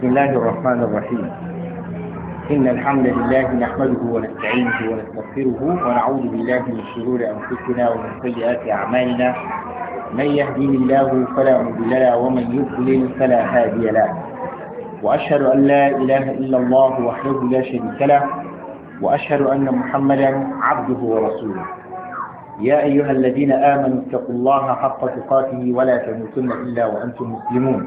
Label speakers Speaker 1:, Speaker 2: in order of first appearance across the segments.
Speaker 1: بسم الله الرحمن الرحيم إن الحمد لله نحمده ونستعينه ونستغفره ونعوذ بالله من شرور أنفسنا ومن سيئات أعمالنا من يهديه الله فلا مضل له ومن يضلل فلا هادي له وأشهد أن لا إله إلا الله وحده لا شريك له وأشهد أن محمدا عبده ورسوله يا أيها الذين آمنوا اتقوا الله حق تقاته ولا تموتن إلا وأنتم مسلمون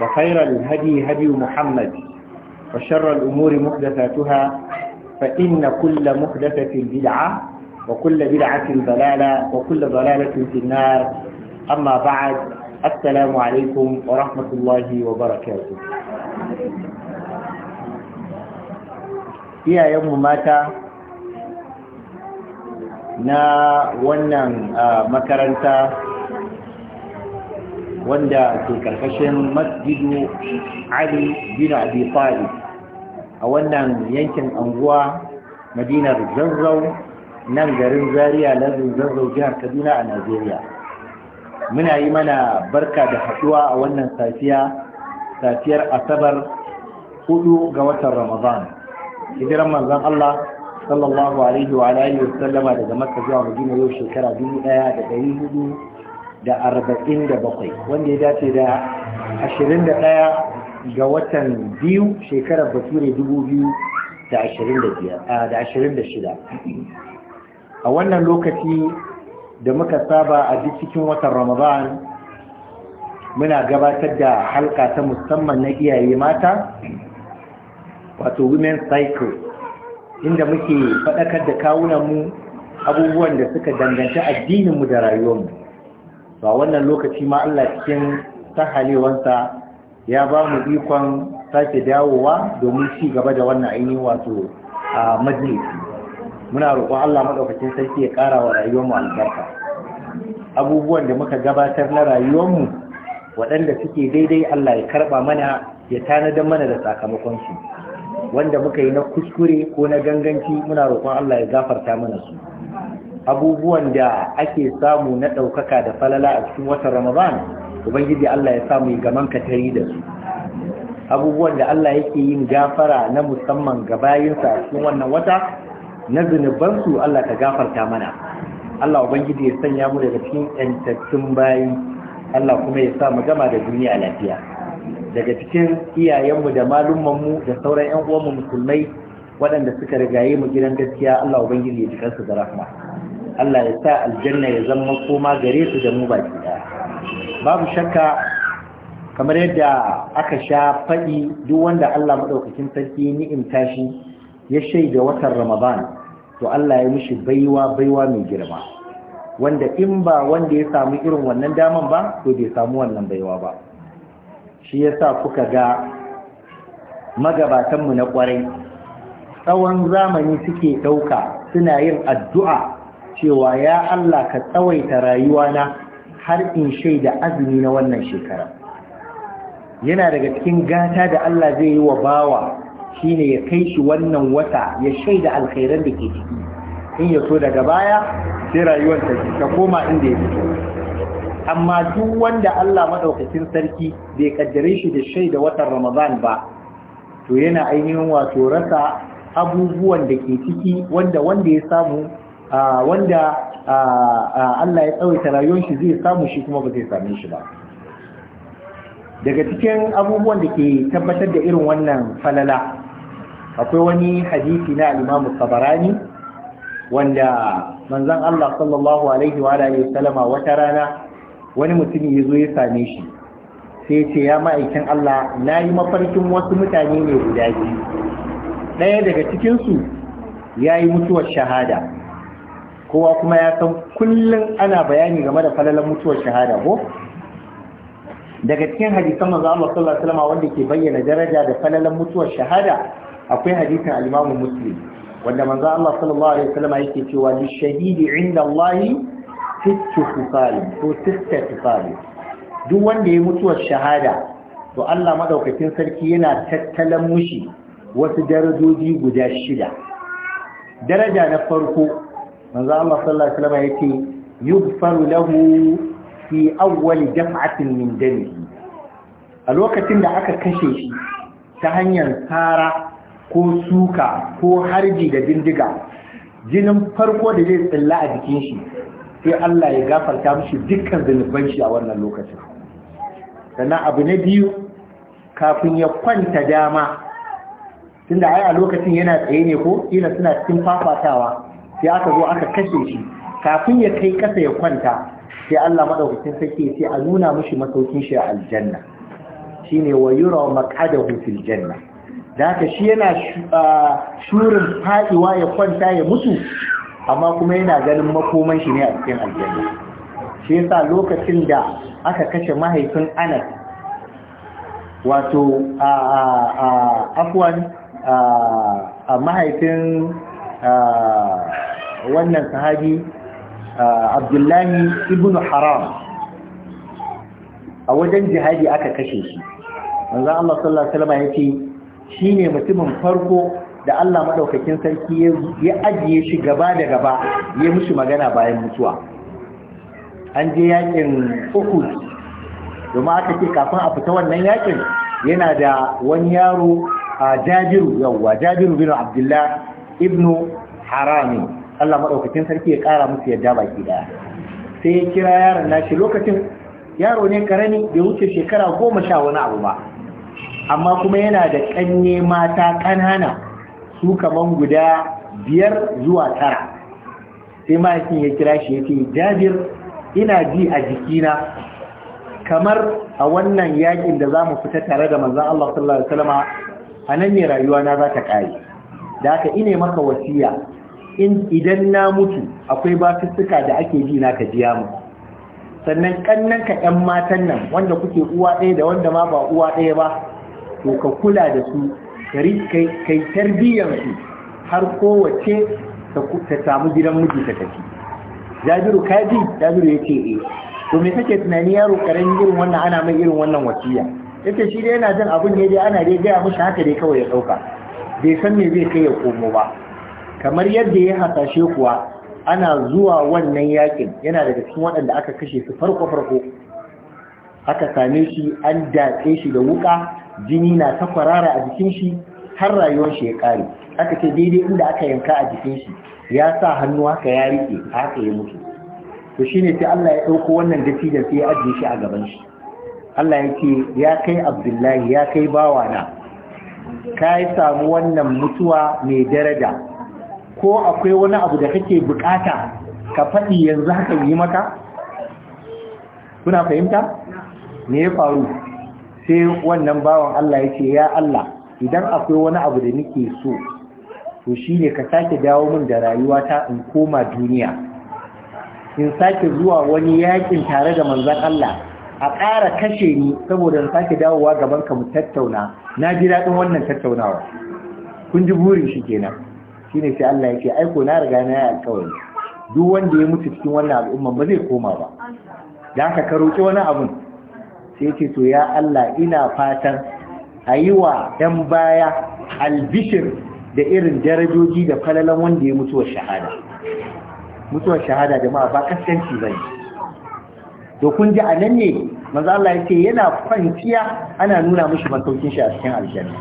Speaker 1: وخير الهدي هدي محمد وشر الأمور محدثاتها فإن كل محدثة بدعة وكل بدعة ضلالة وكل ضلالة في النار أما بعد السلام عليكم ورحمة الله وبركاته يا يوم مات na wannan makaranta wanda ke karkashin masjidu ali bin abi talib a wannan yankin anguwa madinar zanzau nan garin zaria lardin zanzau jihar kaduna a najeriya muna yi mana barka da haɗuwa a wannan safiya safiyar asabar hudu ga watan ramadan hijiran manzon allah sallallahu alaihi wa alihi daga makka zuwa madina yau shekara dubu ɗaya da ɗari hudu da arba'in da bakwai wanda ya dace da ashirin da ɗaya ga watan biyu shekarar bature dubu biyu da ashirin da shida a wannan lokaci da muka saba a duk cikin watan ramadan muna gabatar da halka ta musamman na iyaye mata wato women cycle inda muke faɗakar da kawunanmu abubuwan da suka danganci addininmu da rayuwarmu ba wannan lokaci ma Allah cikin sahalewansa ya ba mu ikon sake dawowa domin ci gaba da wannan ainihin wato a majalisi muna roƙon Allah maɗaukacin sarki ya ƙara wa rayuwarmu albarka abubuwan da muka gabatar na rayuwar mu, waɗanda suke daidai Allah ya karɓa mana ya tanadar mana da sakamakon sakamakonsu wanda muka yi na kuskure ko na ganganci muna roƙon Allah ya gafarta mana su abubuwan da ake samu na ɗaukaka da falala a cikin watan ramadan ubangiji Allah ya samu gaman katari da su abubuwan da Allah yake yin gafara na musamman ga bayinsa a cikin wannan wata na zunubansu Allah ka gafarta mana Allah ubangiji ya sanya mu daga cikin yantattun bayi Allah kuma ya sa mu gama da duniya lafiya daga cikin iyayenmu da malummanmu da sauran 'yan uwanmu musulmai waɗanda suka rigaye mu gidan gaskiya Allah ubangiji ya jikansu da rahma Allah ya sa aljanna ya zama koma gare su da mu baki daya babu shakka kamar yadda aka sha faɗi duk wanda Allah madaukakin sarki ni'imta shi ya shaida watan Ramadan to Allah ya mishi baiwa baiwa mai girma wanda in ba wanda ya samu irin wannan daman ba to bai samu wannan baiwa ba shi yasa kuka ga magabatan mu na kwarai tsawon zamani suke ɗauka suna yin addu'a cewa ya Allah ka tsawaita rayuwana har in shaida azumi na wannan shekara yana daga cikin gata da Allah zai yi wa bawa shine ya kai shi wannan wata ya shaida alkhairan da ke ciki in ya so daga baya sai rayuwar ta koma inda ya fito amma duk wanda Allah madaukakin sarki bai kaddare shi da shaida watan Ramadan ba to yana ainihin wato rasa abubuwan da ke ciki wanda wanda ya samu wanda Allah ya tsawaita rayuwar shi zai samu shi kuma ba zai same shi ba daga cikin abubuwan da ke tabbatar da irin wannan falala akwai wani hadisi na al-Imam Tabarani wanda manzon Allah sallallahu alaihi wa alihi sallama wata rana wani mutum ya zo ya same shi sai ce ya ma'aikin Allah na yi mafarkin wasu mutane ne guda biyu ɗaya daga cikinsu ya yi mutuwar shahada kowa kuma ya san kullum ana bayani game da falalen mutuwar shahada ko daga cikin hadisan manzo Allah sallallahu alaihi wasallam wanda ke bayyana daraja da falalen mutuwar shahada akwai hadisin al-Imam Muslim wanda manzo Allah sallallahu alaihi wasallam yake cewa li shahidi inda Allah sittu tifalin ko duk wanda ya mutuwar shahada to Allah madaukakin sarki yana tattalan mushi wasu darajoji guda shida daraja na farko manzo Allah sallallahu alaihi wasallam yace yughfaru lahu fi awwal jam'atin min a lokacin da aka kashe shi ta hanyar tsara ko suka ko harji da bindiga jinin farko da zai tsilla a jikin shi sai Allah ya gafarta mishi dukkan zunuban shi a wannan lokacin sannan abu na biyu kafin ya kwanta dama tunda ai a lokacin yana tsaye ne ko ina suna cikin fafatawa sai aka zo aka kashe shi kafin ya kai kasa ya kwanta sai Allah madaukakin sarki sai a nuna mishi masaukin shi a aljanna shine wa maqadahu fil janna zaka shi yana shurin fadiwa ya kwanta ya mutu amma kuma yana ganin makoman shi ne a cikin aljanna shi yasa lokacin da aka kashe mahaifin Anas wato a afwan a mahaifin wannan sahabi abdullahi ibn haram a wajen jihadi aka kashe shi manzan Allah sallallahu Alaihi wasallam ya ce shi ne mutumin farko da Allah maɗaukakin sarki ya ajiye shi gaba da gaba ya mushi magana bayan mutuwa an je yakin uku domin aka ce kafin a fita wannan yakin yana da wani yaro a jabiru yawwa jabiru bin abdullah ibnu harami Allah maɗaukacin sarki ya kara musu yadda baki daya sai ya kira yaron nashi lokacin yaro ne karami bai wuce shekara goma sha wani abu ba amma kuma yana da ƙanye mata ƙanana, su kaman guda biyar zuwa tara sai mahaifin ya kira shi ya ce jabir ina ji a jikina kamar a wannan yakin da za mu fita tare da manzan Allah sallallahu Alaihi wasallama a nan ne rayuwa na za ta ƙari da aka ine maka wasiya in idan na mutu akwai basussuka da ake ji na ka biya mu sannan kannan ka ƴan matan nan wanda kuke uwa ɗaya da wanda ma ba uwa ɗaya ba to ka kula da su kai tarbiyyar su har kowace ta samu gidan miji ta tafi jabiru ji? jabiru ya eh to me kake tunani yaro karen irin wannan ana mai irin wannan wasiya yace shi dai yana jin abun ne dai ana dai gaya mishi haka dai kawai ya ɗauka bai san me zai kai ya komo ba kamar yadda ya hasashe kuwa ana zuwa wannan yakin yana daga cikin waɗanda aka kashe su farko farko aka same shi an datse shi da wuka jini na ta kwarara a jikin shi har rayuwar shi ya kare aka ce daidai inda aka yanka a jikin shi ya sa hannu haka ya rike haka ya mutu to shine sai Allah ya dauko wannan dattijan sai ya ajiye shi a gaban shi Allah ya ya kai Abdullahi ya kai bawana ka yi samu wannan mutuwa mai daraja ko akwai wani abu da kake bukata ka faɗi yanzu haka yi maka kuna fahimta me ya faru sai wannan bawan Allah ya ce ya Allah idan akwai wani abu da nake so to shine ka sake dawo min da rayuwata in koma duniya in sake zuwa wani yakin tare da manzon Allah a ƙara kashe ni saboda in sake dawowa gaban ka mu tattauna na ji daɗin wannan tattaunawa kun ji burin shi kenan ne sai Allah yake aiko na riga na yi alƙawari duk wanda ya mutu cikin wannan al'umma ba zai koma ba da haka ka roƙi wani abun sai ce to ya Allah ina fatan a yi wa ɗan baya albishir da irin darajoji da falalan wanda ya mutuwar shahada mutuwar shahada jama'a ba kaskanci ba ne to kun ji anan ne manzo Allah ya ce yana kwanciya ana nuna mashi masaukin shi a cikin aljanna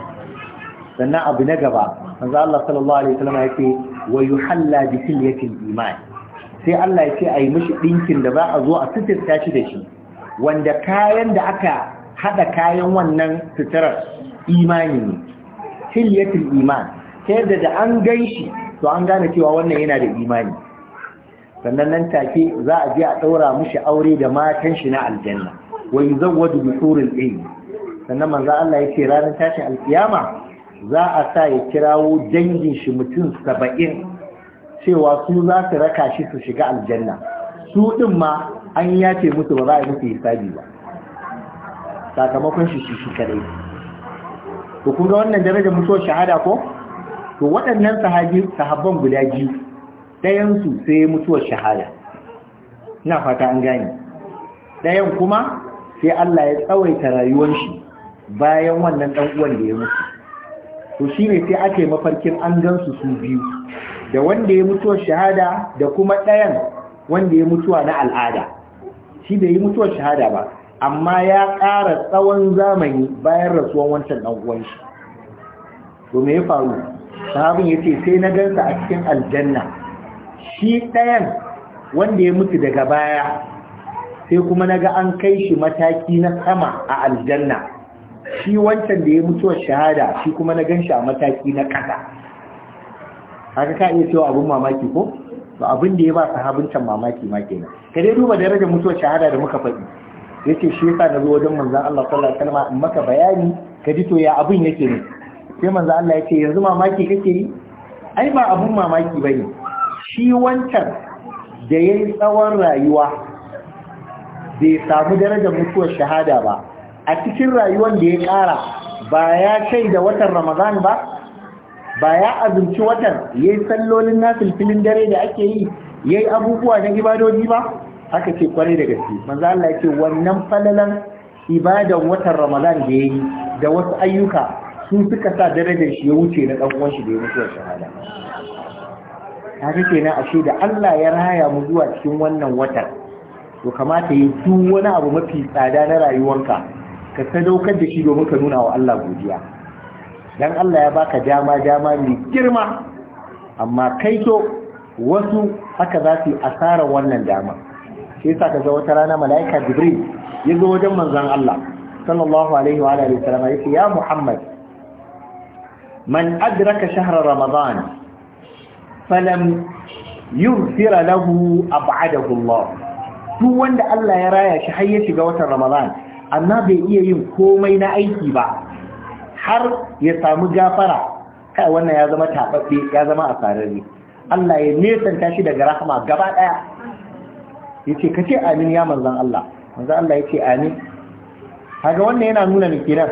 Speaker 1: sannan abu na gaba manzo Allah sallallahu alaihi wasallam ya ce wa yuhalla bi tilyatil iman sai Allah ya ce ayi mishi dinkin da ba a zo a fitirta shi da shi wanda kayan da aka hada kayan wannan sitirar imani ne tilyatil iman ta da an gan shi to an gane cewa wannan yana da imani sannan nan take za a je a ɗaura mushi aure da matan shi na aljanna wa yuzawwadu bi hurul ayn sannan manzo Allah yace ranar tashin alkiyama za a sa ya kirawo dangin shi mutum 70 cewa su za su raka shi su shiga aljanna su din ma an yace musu ba za a musu hisabi ba sakamakon shi shi kadai to kun ga wannan darajar mutuwar shahada ko to waɗannan sahabi sahabban guda biyu ɗayansu sai mutuwar shahada ina fata an gane ɗayan kuma sai Allah ya tsawaita rayuwar shi bayan wannan ɗan uwan da ya mutu to shine sai ake mafarkin an gansu su biyu da wanda ya mutuwar shahada da kuma ɗayan wanda ya mutuwa na al'ada shi bai yi mutuwar shahada ba amma ya ƙara tsawon zamani bayan rasuwan wancan ɗan uwan shi to me ya faru sahabin yace sai na gansa a cikin aljanna shi ɗayan wanda ya mutu daga baya sai kuma na ga an kai shi mataki na sama a aljanna shi wancan da ya mutuwar shahada shi kuma na gan shi a mataki na ƙasa haka ka iya cewa abin mamaki ko ba abin da ya ba sahabincan mamaki ma kenan ka dai duba darajar mutuwar shahada da muka faɗi Ya ce shi yasa na zo wajen manzan Allah sallallahu alaihi wasallam in maka bayani ka ji to ya abin yake ne sai manzan Allah ya ce yanzu mamaki kake yi ai ba abin mamaki bane shi wancan da ya yi tsawon rayuwa bai samu darajar mutuwar shahada ba a cikin rayuwar da ya ƙara ba ya kai da watan ramadan ba ba ya azumci watan ya yi sallolin nasil filin dare da ake yi ya yi abubuwa na ibadoji ba aka ce kwarai da gaske manzo Allah ya ce wannan falalan ibadan watan ramadan da ya yi da wasu ayyuka sun suka sa darajar shi ya wuce na ɗan shi da ya mutuwar shahada kaga kenan ashe da Allah ya raya mu zuwa cikin wannan watan to kamata yi duk wani abu mafi tsada na rayuwarka, ka sadaukar da shi domin ka nuna wa Allah godiya dan Allah ya baka dama dama mai girma amma kai to wasu haka za su yi asarar wannan dama sai yasa ka ga wata rana mala'ika Jibril ya zo wajen manzon Allah sallallahu alaihi wa alihi wasallam ya ce ya Muhammad man adraka shahra ramadan falam yughfira lahu ab'adahu Allah duk wanda Allah ya raya shi har ya shiga watan Ramadan amma bai iya yin komai na aiki ba har ya samu gafara kai wannan ya zama tababbe ya zama asararre Allah ya nesanta shi daga rahama gaba daya yace kace amin ya manzon Allah manzon Allah yace amin kaga wannan yana nuna ne kenan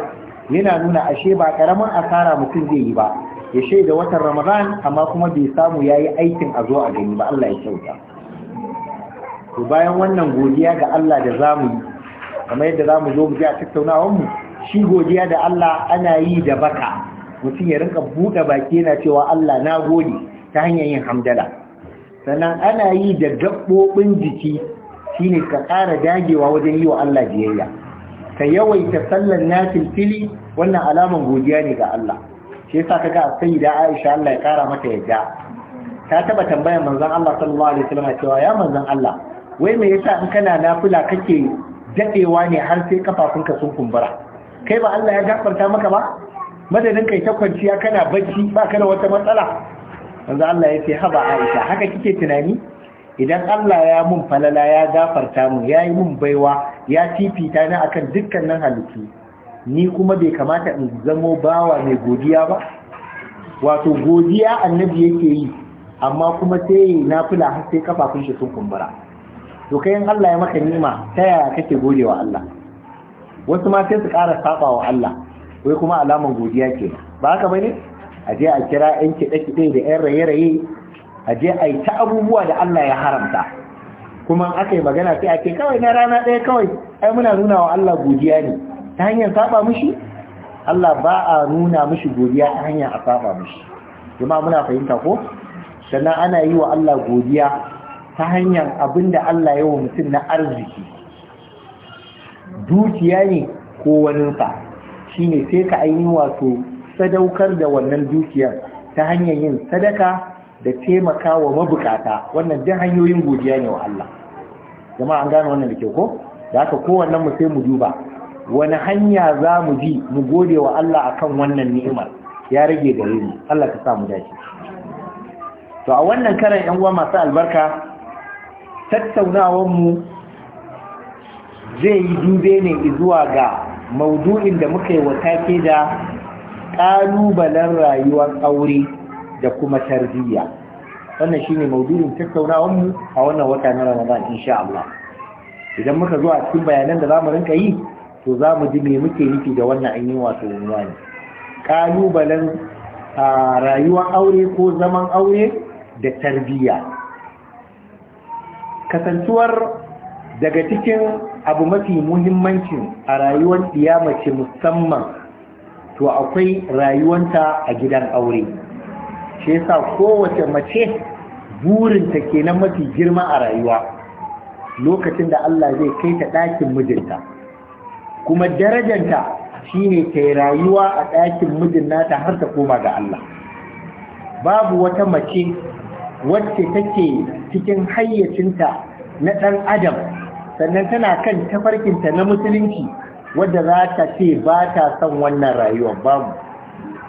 Speaker 1: yana nuna ashe ba karamin asara mutum zai yi ba ya da watan ramadan amma kuma bai samu ya yi aikin a zo a gani ba Allah ya kyauta to bayan wannan godiya ga Allah da zamu yi kamar yadda zamu zo mu ji a tattaunawar mu shi godiya da Allah ana yi da baka mutum ya rinka buɗe baki yana cewa Allah na gode ta hanyar yin hamdala sannan ana yi da gaɓoɓin jiki shine ka ƙara dagewa wajen yi wa Allah biyayya ka yawaita sallan nafil fili wannan alaman godiya ne ga Allah shi yasa kaga sayyida Aisha Allah ya kara mata yadda ta taba tambayar manzon Allah sallallahu alaihi wasallam cewa ya manzon Allah wai me yasa in kana nafila kake dadewa ne har sai kafafunka sun kumbura kai ba Allah ya gafarta maka ba madadin kai ta kwanciya kana bacci ba ka da wata matsala manzon Allah ya ce haba Aisha haka kike tunani idan Allah ya mun falala ya gafarta ya yayi mun baiwa ya fifita ni akan dukkanin halittu ni kuma bai kamata in zamo bawa mai godiya ba wato godiya annabi yake yi amma kuma sai na fula har sai kafafun shi sun kumbura to kai in Allah ya maka nima ta yaya kake godewa Allah wasu ma sai su ƙara saba wa Allah wai kuma alaman godiya ke ba haka bane a je a kira yan kiɗe-kiɗe da yan raye-raye a je a yi ta abubuwa da Allah ya haramta kuma aka yi magana sai a ce kawai na rana ɗaya kawai ai muna nuna wa Allah godiya ne ta hanyar saba mushi Allah ba a nuna mushi godiya ta hanyar a saba mushi jama'a muna fahimta ko sannan ana yi wa Allah godiya ta hanyar abinda Allah ya wa mutum na arziki dukiya ne ko waninsa shine sai ka ainihin wato sadaukar da wannan dukiyar ta hanyar yin sadaka da taimaka wa mabukata wannan duk hanyoyin godiya ne wa Allah jama'a an gane wannan da ke ko da haka kowannen mu sai mu duba wani hanya za mu bi mu gode wa Allah a kan wannan ni'imar ya rage gare mu Allah ka sa mu dace to a wannan karan yan uwa masu albarka tattaunawar mu zai yi dube ne zuwa ga maudu'in da muka yi wa take da ƙalubalen rayuwar aure da kuma tarbiyya wannan shine maudu'in tattaunawar mu a wannan wata na Ramadan insha Allah idan muka zo a cikin bayanan da mu rinka yi to za mu ji me muke nufi da wannan an yi wato unwani kalubalen a rayuwar aure ko zaman aure da tarbiyya kasantuwar daga cikin abu mafi muhimmancin a rayuwar mace musamman to akwai rayuwanta a gidan aure shi yasa kowace mace burin burinta kenan mafi girma a rayuwa lokacin da Allah zai kai ta ɗakin mijinta kuma darajanta ne ta rayuwa a ɗakin mijin nata har ta koma ga Allah babu wata mace wacce take cikin hayyacinta na ɗan adam sannan tana kan tafarkinta na musulunci wadda za ta ce ba ta son wannan rayuwar babu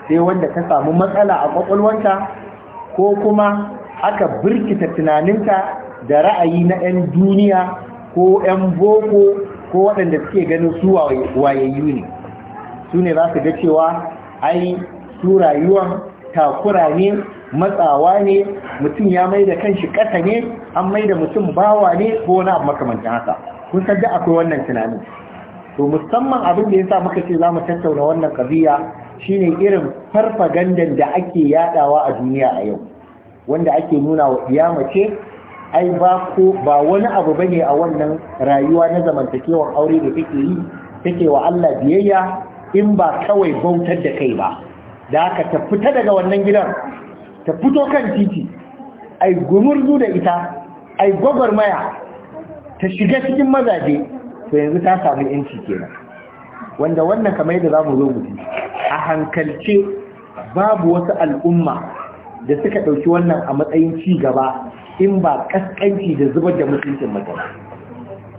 Speaker 1: sai wanda ta samu matsala a ƙwaƙwalwanta ko kuma aka birkita tunaninta da ra'ayi na 'yan duniya ko 'yan boko ko waɗanda suke ganin su wayayyu ne su ne za su ga cewa ai su rayuwan takura ne matsawa ne mutum ya mai da kanshi ƙasa ne an mai da mutum bawa ne ko wani abu makamantan haka kun san da akwai wannan tunanin to musamman abin da yasa muka ce za mu tattauna wannan ƙabiya shine irin farfagandan da ake yadawa a duniya a yau wanda ake nuna wa iya mace ai ba ko ba wani abu bane a wannan rayuwa na zamantakewar aure da kake yi take wa Allah biyayya in ba kawai bautar da kai ba da ka ta fita daga wannan gidan ta fito kan titi ai gumurzu da ita ai gwagwarmaya ta shiga cikin mazaje to yanzu ta samu yanci kenan wanda wannan kamar yadda zamu mu zo mu a hankalce babu wasu al'umma da suka ɗauki wannan a matsayin ci gaba in ba kaskanci da zubar da mutuncin mace ba.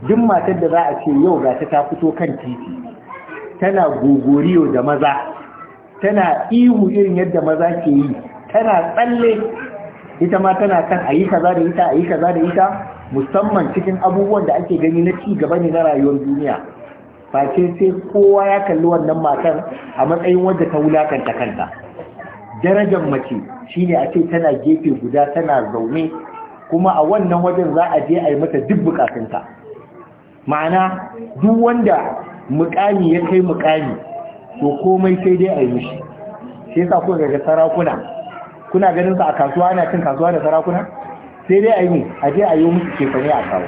Speaker 1: duk matar da za a ce yau ga ta ta fito kan titi tana gogoriyo da maza tana ihu irin yadda maza ke yi tana tsalle ita ma tana kan a yi kaza da ita a yi kaza da ita musamman cikin abubuwan da ake gani na ci gaba ne na rayuwar duniya face sai kowa ya kalli wannan matar a matsayin wadda ta wulakanta kanta darajar mace shine a ce tana gefe guda tana zaune kuma a wannan wajen za a je a yi mata duk bukatunta ma'ana duk wanda mukami ya kai mukami to komai sai dai a yi mishi sai sa kuka ga sarakuna kuna ganin sa a kasuwa ana cin kasuwa da sarakuna sai dai a yi a je a yi musu kefane a kawo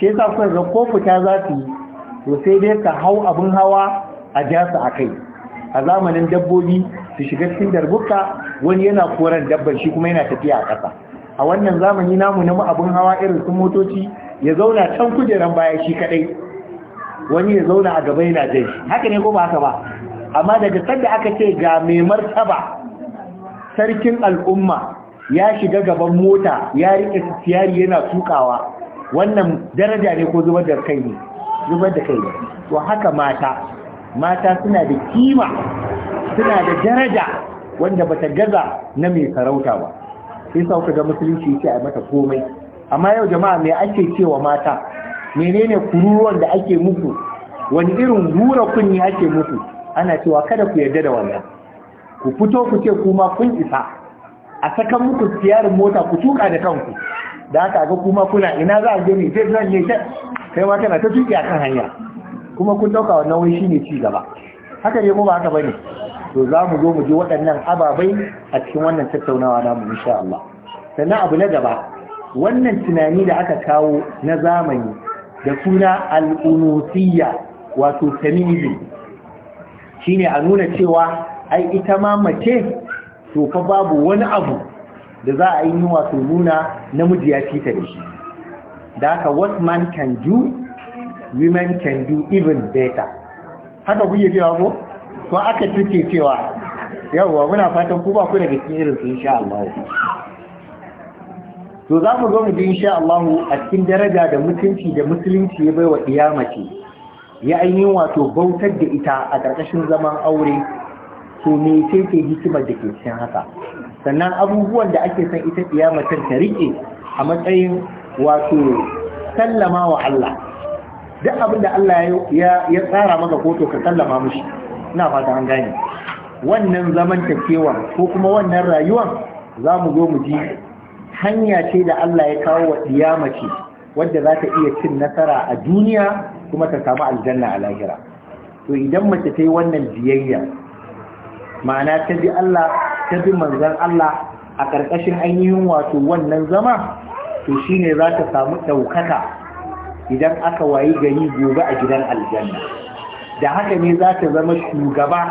Speaker 1: sai sa kuka ga ko fita za su yi to sai dai ka hau abin hawa a ja su a kai a zamanin dabbobi su shiga cikin darbuka wani yana koran dabban shi kuma yana tafiya a ƙasa a wannan zamani namu na abun hawa irin su motoci ya zauna can kujeran baya shi kadai wani ya zauna a gaba yana jai haka ne ko ba haka ba amma daga sanda aka ce ga mai martaba sarkin al'umma ya shiga gaban mota ya rike tsiyari yana tukawa wannan daraja ne ko zubar da kai ne zubar da kai ne to haka mata mata suna da kima suna da daraja wanda bata gaza na mai sarauta ba sai sa kuka ga musulunci yake a mata komai amma yau jama'a me ake cewa mata menene kururuwan da ake muku wani irin gura kunni ake muku ana cewa kada ku yarda da wannan ku fito ku ce kuma kun isa a sakan muku siyarin mota ku tuka da kanku da haka ga kuma kuna ina za a je ne zai zan ne ta kai ma kana ta tuki akan hanya kuma kun dauka wannan wai shine ci gaba haka ne ba haka bane to za mu zo mu ji waɗannan ababai a cikin wannan tattaunawa namu insha Allah sannan abu na gaba wannan tunani da aka kawo na zamani da suna al'unusiyya wato feminism shine a nuna cewa ai ita ma mace to fa babu wani abu da za a yi wato nuna namiji ya fita da shi da haka what man can do women can do even better haka kuke cewa ko ko aka tuke cewa yawwa muna fatan ku ba ku daga cikin irin su insha Allah to za mu zo mu ji insha Allah a cikin daraja da mutunci da musulunci ya baiwa kiyamace ya ainihin wato bautar da ita a ƙarƙashin zaman aure to me ce ke hikimar da ke cikin haka sannan abubuwan da ake son ita kiyamatar ta rike a matsayin wato sallama wa Allah duk abin da Allah ya tsara maka ko to ka sallama mushi ina fata an gane wannan zaman takewa ko kuma wannan rayuwan za mu zo mu ji hanya ce da Allah ya kawo wa ce wadda za ta iya cin nasara a duniya kuma ta samu aljanna a lahira to idan mace ta yi wannan biyayya ma'ana ta bi Allah ta bi manzan Allah a ƙarƙashin ainihin wato wannan zama to shine za ta samu ɗaukaka idan aka wayi gari gobe a gidan aljanna da haka ne za ta zama shugaba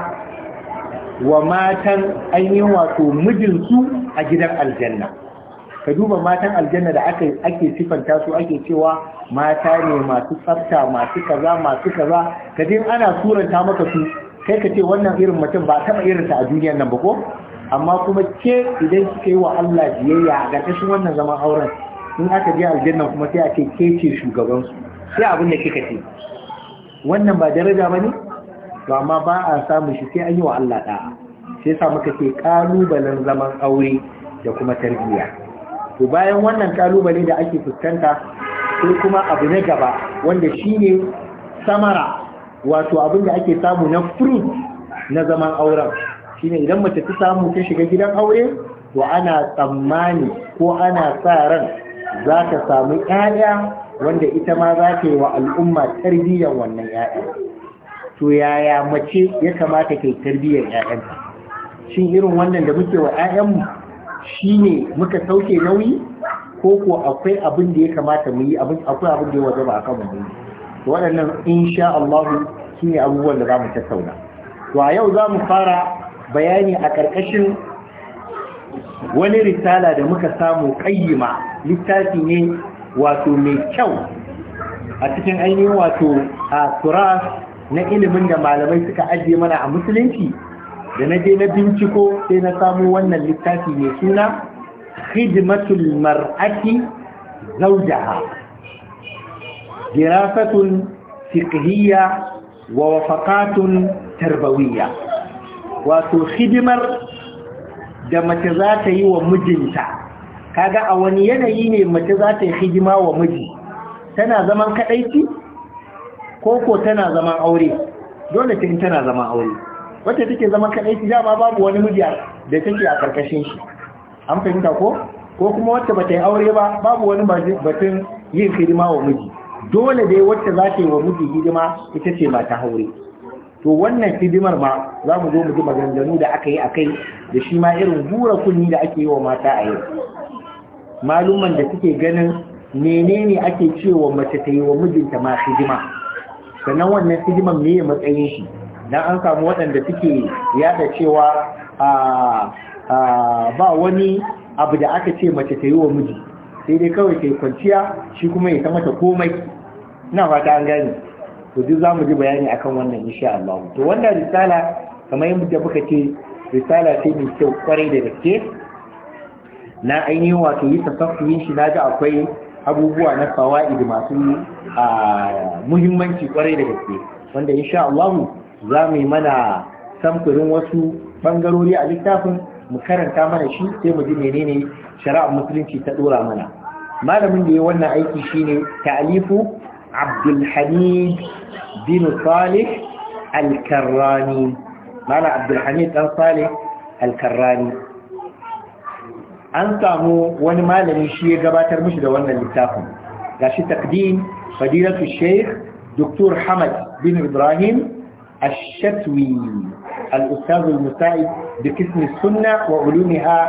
Speaker 1: wa matan ainihin wato mijinsu a gidan aljanna ka duba matan aljanna da ake ake sifanta su ake cewa mata ne masu tsafta masu kaza masu kaza ka je ana suranta maka su kai ka ce wannan irin mutum ba taba irin ta a duniyar nan ba ko amma kuma ke idan kika yi wa Allah biyayya a ƙarƙashin wannan zaman auren in aka je aljanna kuma sai a ce ke ce sai abin da kika ce wannan ba daraja ba ne to amma ba a samu shi sai an yi wa Allah ɗa'a sai sa muka ce ƙalubalen zaman aure da kuma tarbiyya to bayan wannan ƙalubale da ake fuskanta ko kuma abu na gaba wanda shine samara wato abin da ake samu na fruit na zaman auren shine idan mace ta samu ta shiga gidan aure to ana tsammani ko ana sa ran za ta samu 'ya'ya wanda ita ma za ta yi wa al'umma tarbiyyar wannan 'ya'yan. to yaya mace ya kamata kai tarbiyyar ‘ya'yanta shin irin wannan da muke wa ‘ya'yanmu shi ne muka sauke nauyi ko ko akwai abin da ya kamata mu yi akwai abin da ya waje ba a kan mu yi waɗannan insha Allah su ne abubuwan da za mu tattauna to a yau za mu fara bayani a ƙarƙashin wani risala da muka samu ƙayyima littafi ne wato mai kyau a cikin ainihin wato a tura na ilimin da malamai suka ajiye mana a musulunci da na je na binciko sai na samu wannan littafi mai suna khidmatul mar'ati zawjaha dirasatun fiqhiyya wa wafaqatun tarbawiyya wato hidimar da mace za ta yi wa mijinta kaga a wani yanayi ne mace za ta yi hidima wa miji tana zaman kadaici ko ko tana zaman aure dole ta in tana zaman aure wacce take zaman kadaici dama babu wani miji da take a karkashin shi an fahimta ko ko kuma wacce bata yi aure ba babu wani batun yin hidima wa miji dole dai wacce za ta yi wa miji hidima ita ce ta haure to wannan hidimar ma za mu zo mu ji maganganu da aka yi a kai da shi ma irin gura kunni da ake yi wa mata a yau maluman da suke ganin menene ake cewa mace ta yi wa mijinta ma hijima sannan wannan hijiman me ya matsayin shi dan an samu waɗanda suke yada cewa ba wani abu da aka ce mace ta yi wa miji sai dai kawai ta yi kwanciya shi kuma ya ta mata komai ina fata an gane to duk za mu ji bayani akan wannan insha Allah to wannan risala kamar yadda muka ce risala ce mai kyau kwarai da gaske na ainihin wato yi yin shi na ji akwai abubuwa na fawaid masu muhimmanci kwarai da gaske wanda insha Allah za mu yi mana samfurin wasu bangarori a littafin mu karanta mana shi sai mu ji menene shari'ar musulunci ta dora mana malamin da ya wannan aiki shine ta'alifu Abdul Hamid bin Salih Al-Karrani Abdul Hamid dan Salih Al-Karrani an samu wani malamin shi ya gabatar mishi da wannan littafin gashi takdim fadilatu sheikh دكتور حمد بن إبراهيم الشتوي الأستاذ المساعد بقسم السنة وعلومها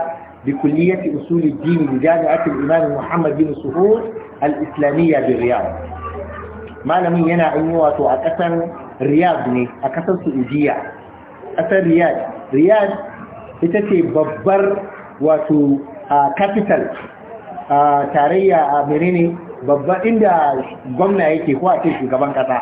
Speaker 1: بكلية أصول الدين بجامعة الإمام محمد بن سهور الإسلامية بالرياض ما لم ينا عموة أكثر رياض أكثر سعودية أكثر رياض رياض ita ce babbar wato a capital a tarayya a menene babban inda gwamna yake ko a ce shugaban kasa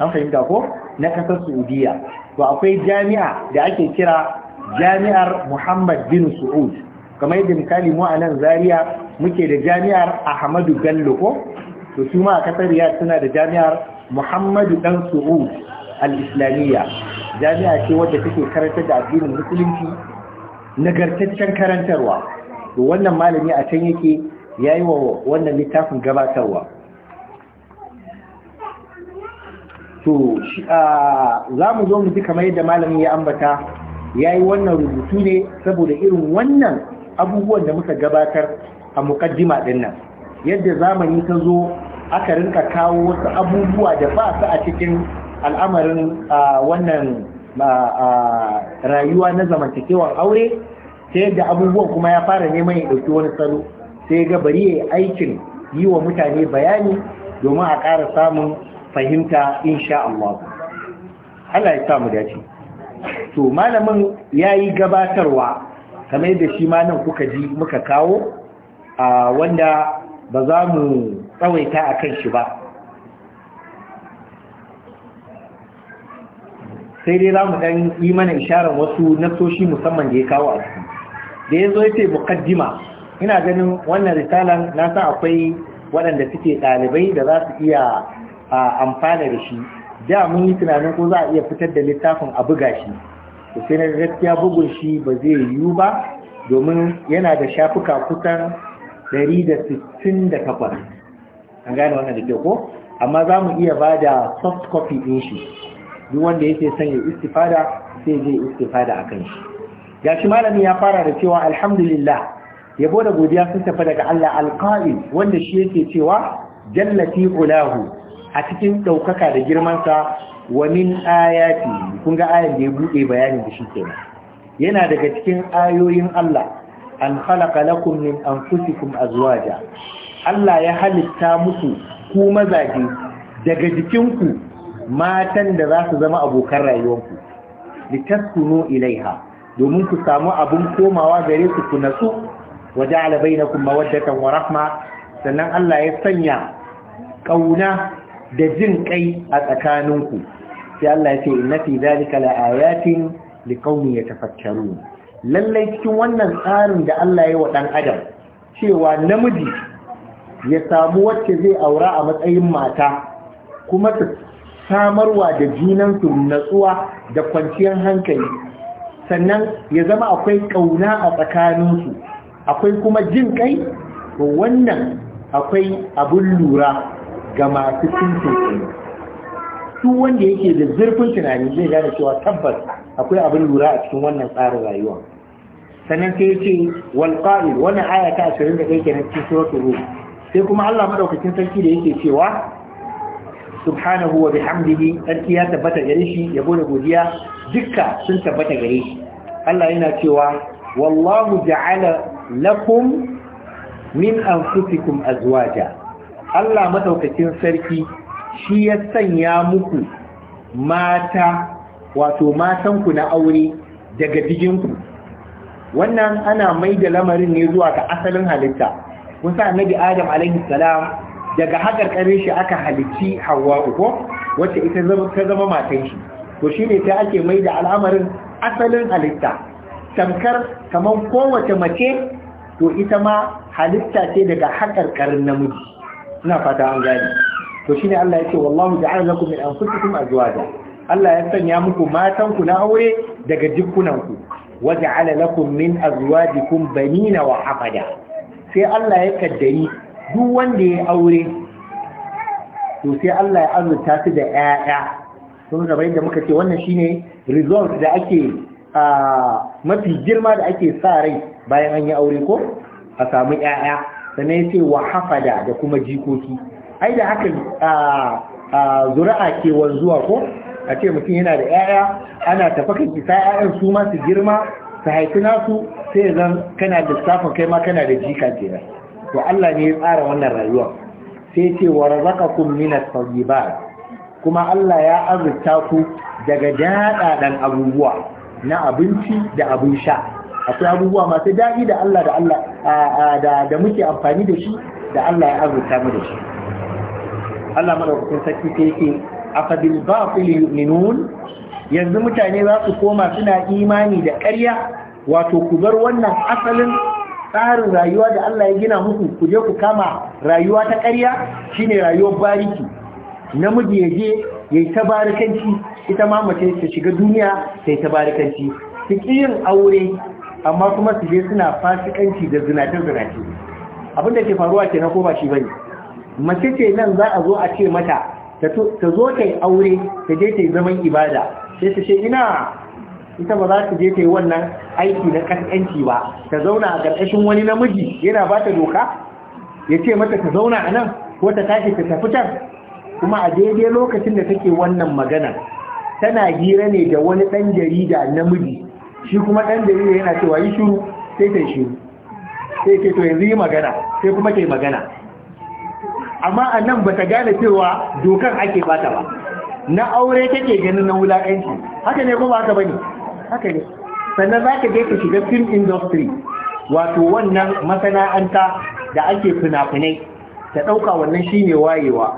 Speaker 1: an fahimta ko na kasar saudiya to akwai jami'a da ake kira jami'ar muhammad bin su'ud kamar yadda misali mu a nan zaria muke da jami'ar ahmadu bello ko to su ma a kasar riyadh suna da jami'ar muhammadu dan su'ud al-islamiyya jami'a ce wadda take karantar da addinin musulunci nagartaccen karantarwa to wannan malami a can yake yayi wa wannan littafin gabatarwa to za mu zo mu ji kamar yadda malamin ya ambata yayi wannan rubutu ne saboda irin wannan abubuwan da muka gabatar a mukaddima din nan yadda zamani ta zo aka rinka kawo wasu abubuwa da ba su a cikin al'amarin wannan rayuwa na zamantakewar aure sai ga abubuwan kuma ya fara neman ya ɗauki wani salo sai ga bari ya yi aikin yi wa mutane bayani domin a ƙara samun fahimta insha Allah Allah ya samu dace to malamin ya yi gabatarwa kamar da shi ma nan kuka ji muka kawo a wanda ba za mu tsawaita a kan shi ba sai dai za mu ɗan yi mana isharar wasu nasoshi musamman da ya kawo a cikin da ya zo yace mukaddima ina ganin wannan risalan na sa akwai waɗanda suke ɗalibai da za su iya amfana da shi da mun yi tunanin ko za a iya fitar da littafin a buga shi da sai na gaskiya bugun shi ba zai yiwu ba domin yana da shafuka kusan 168 an gane wannan da ke ko amma za mu iya ba da soft copy ɗin shi duk wanda yake son ya istifada sai zai istifada a kan shi gashi malamin ya fara da cewa alhamdulillah ya da godiya sun tafi daga Allah alqa'id wanda shi yake cewa jallati ulahu a cikin ɗaukaka da girman sa wa min ayati kun ga ayan da ya bude bayanin da shi kenan yana daga cikin ayoyin Allah an khalaqa lakum min anfusikum azwaja Allah ya halitta muku ku mazaje daga jikinku matan da za su zama abokan rayuwarku. litaskunu ilaiha domin ku samu abin komawa gare ku ku natsu wa ja'ala bainakum mawaddatan wa rahma sannan Allah ya sanya kauna da jin kai a tsakaninku sai Allah ya ce inna fi zalika laayatin liqaumin yatafakkarun lallai cikin wannan tsarin da Allah ya wa dan adam cewa namiji ya samu wacce zai aura a matsayin mata kuma su samarwa da jinansu natsuwa da kwanciyar hankali sannan ya zama akwai ƙauna a tsakaninsu akwai kuma jin kai ko wannan akwai abun lura ga masu cincin su wanda yake da zurfin tunani zai gane cewa tabbas akwai abin lura a cikin wannan tsarin rayuwa sannan sai yace wal qa'il wannan aya ta 21 kenan cikin suratul sai kuma Allah madaukakin sarki da yake cewa subhanahu wa bihamdihi sarki ya tabbata gare shi ya da godiya dukka sun tabbata gare shi Allah yana cewa wallahu ja'ala lakum min anfusikum azwaja Allah madaukakin sarki shi ya sanya muku mata wato matan ku na aure daga cikin ku wannan ana mai da lamarin ne zuwa ga asalin halitta mun sa annabi Adam alaihi salam daga haƙarƙarin shi aka halicci hawa uku wacce ita ta zama matan shi to shi ne ta ake mai da al'amarin asalin halitta tamkar kamar kowace mace to ita ma halitta ce daga haƙarƙarin namiji ina fata an gani to shi ne Allah ya ce wallahu ja'ala lakum min anfusikum azwaja Allah ya sanya muku matan ku na aure daga jikunan ku wa ja'ala lakum min azwajikum banina wa afada sai Allah ya kaddari duk wanda ya aure to sai Allah ya azurta su da ƴaƴa sun zaba yadda muka ce wannan shine result da ake mafi girma da ake sa rai bayan an yi aure ko a samu ƴaƴa sannan ya ce wa hafada da kuma jikoki ai da haka zuri'a ke wanzuwa ko a ce mutum yana da 'ya'ya ana tafakan kisa 'ya'yan su ma su girma su haifi nasu sai zan kana da safin kai ma kana da jika kenan to Allah ne ya tsara wannan rayuwa sai ce wa razaqakum min at-tayyibat kuma Allah ya azurta ku daga daɗaɗan abubuwa na abinci da abin sha akwai abubuwa masu daɗi da Allah da Allah da muke amfani da shi da Allah ya azurta mu da shi Allah madaukakin sarki sai yake afabil batil yu'minun yanzu mutane za su koma suna imani da ƙarya wato ku bar wannan asalin tsarin rayuwa da Allah ya gina muku ku je ku kama rayuwa ta ƙarya shine rayuwar bariki namiji ya je yayi ta barikanci ita ma mace ta shiga duniya ta yi ta barikanci su yin aure amma kuma su je suna fasikanci da zinatar zinace abin da ke faruwa ke na ko ba shi bane mace ce nan za a zo a ce mata ta zo ta yi aure ta je ta yi zaman ibada sai ta ce ina ita ba za ta je ta yi wannan aiki na kasanci ba ta zauna a ƙarƙashin wani namiji yana ba ta doka ya ce mata ta zauna a nan ko ta tashi ta tafi can kuma a daidai lokacin da take wannan magana tana hira ne da wani ɗan jarida namiji shi kuma ɗan jarida yana cewa yi shiru sai ta shiru sai ta yi magana sai kuma ta yi magana amma a nan ba ta gane cewa dokan ake bata ba na aure take ganin na wulaƙanci haka ne kuma haka bane haka ne sannan za ka je ka shiga film industry wato wannan masana'anta da ake fina-finai ta ɗauka wannan shi ne wayewa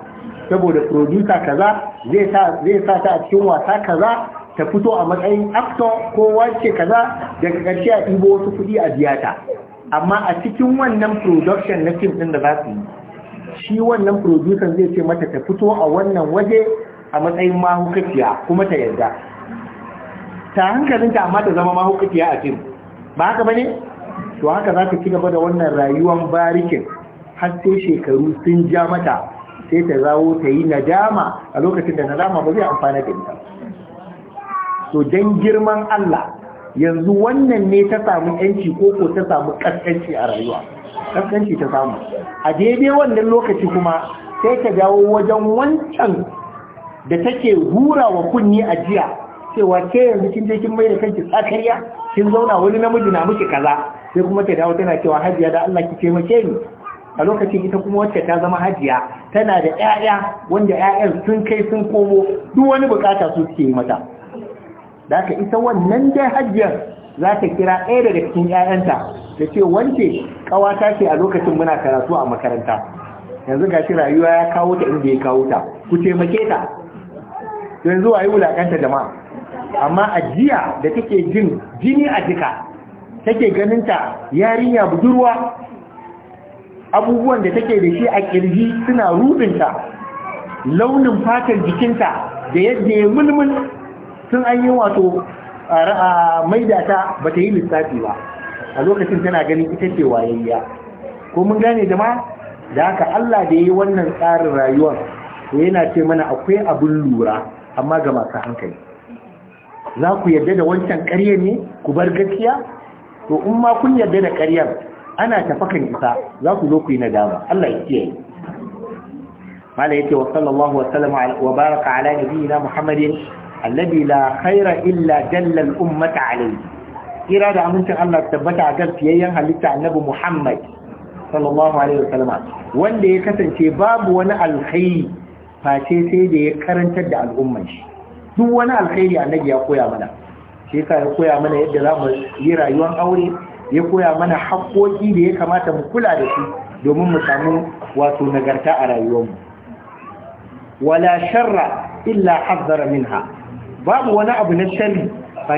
Speaker 1: saboda producer kaza zai sa ta a cikin wasa kaza ta fito a matsayin actor ko wace kaza daga ƙarshe a ɗibo wasu kuɗi a biya amma a cikin wannan production na film ɗin da za su yi shi wannan producer zai ce mata ta fito a wannan waje a matsayin mahukaciya kuma ta yarda ta hankalinta amma ta zama mahaukaciya a fim ba haka ba ne? to haka za ta ci gaba da wannan rayuwan barikin har sai shekaru sun ja mata sai ta zawo ta yi nadama a lokacin da nadama ba zai amfana da ita to don girman Allah yanzu wannan ne ta samu yanci ko ko ta samu kaskanci a rayuwa kaskanci ta samu a daidai wannan lokaci kuma sai ta dawo wajen wancan da take hura wa kunni a jiya cewa ke yanzu kin je kin mai da kanki tsakariya kin zauna wani namiji na miki kaza sai kuma ta dawo tana cewa hajiya da Allah ki taimake ni a lokacin ita kuma wacce ta zama hajiya tana da ƴaƴa wanda ƴaƴan sun kai sun komo duk wani bukata su suke yi mata da haka ita wannan dai hajiyar za ta kira ɗaya daga cikin ƴaƴanta ta ce wance ƙawata ce a lokacin muna karatu a makaranta yanzu ga shi rayuwa ya kawo ta inda ya kawo ta ku taimake ta yanzu wayi wulakanta jama'a amma ajiya da take jin jini a jika take ganinta yarinya budurwa abubuwan da take da shi a kirji suna rubinta launin jikin jikinta da yadda ya mulmul sun an yi wato maida ta ba ta yi lissafi ba a lokacin tana ganin ita ce wayayya ko mun gane da ma, da haka Allah da ya yi wannan tsarin rayuwar yana ce mana akwai abin lura amma ga masu hankali za ku yarda da wancan karyar ne ku bar gaskiya to in ma kun yarda da ƙaryar ana tafakan isa za ku zo ku yi nadama Allah ya kiyaye mala yake wa sallallahu wa sallama wa baraka ala nabiyina muhammadin alladhi la khaira illa dalla al ummata alayhi kira da amincin Allah tabbata ga fiyayyen halitta annabi muhammad sallallahu alaihi wa sallama wanda ya kasance babu wani alkhairi face sai da ya karantar da al'ummar shi duk wani alkhairi annabi ya koya mana shi yasa ya koya mana yadda za mu yi rayuwar aure ya koya mana haƙƙoƙi da ya kamata mu kula da shi domin mu samu wato nagarta a rayuwar mu. wala sharra illa hazzara minha babu wani abu na sharri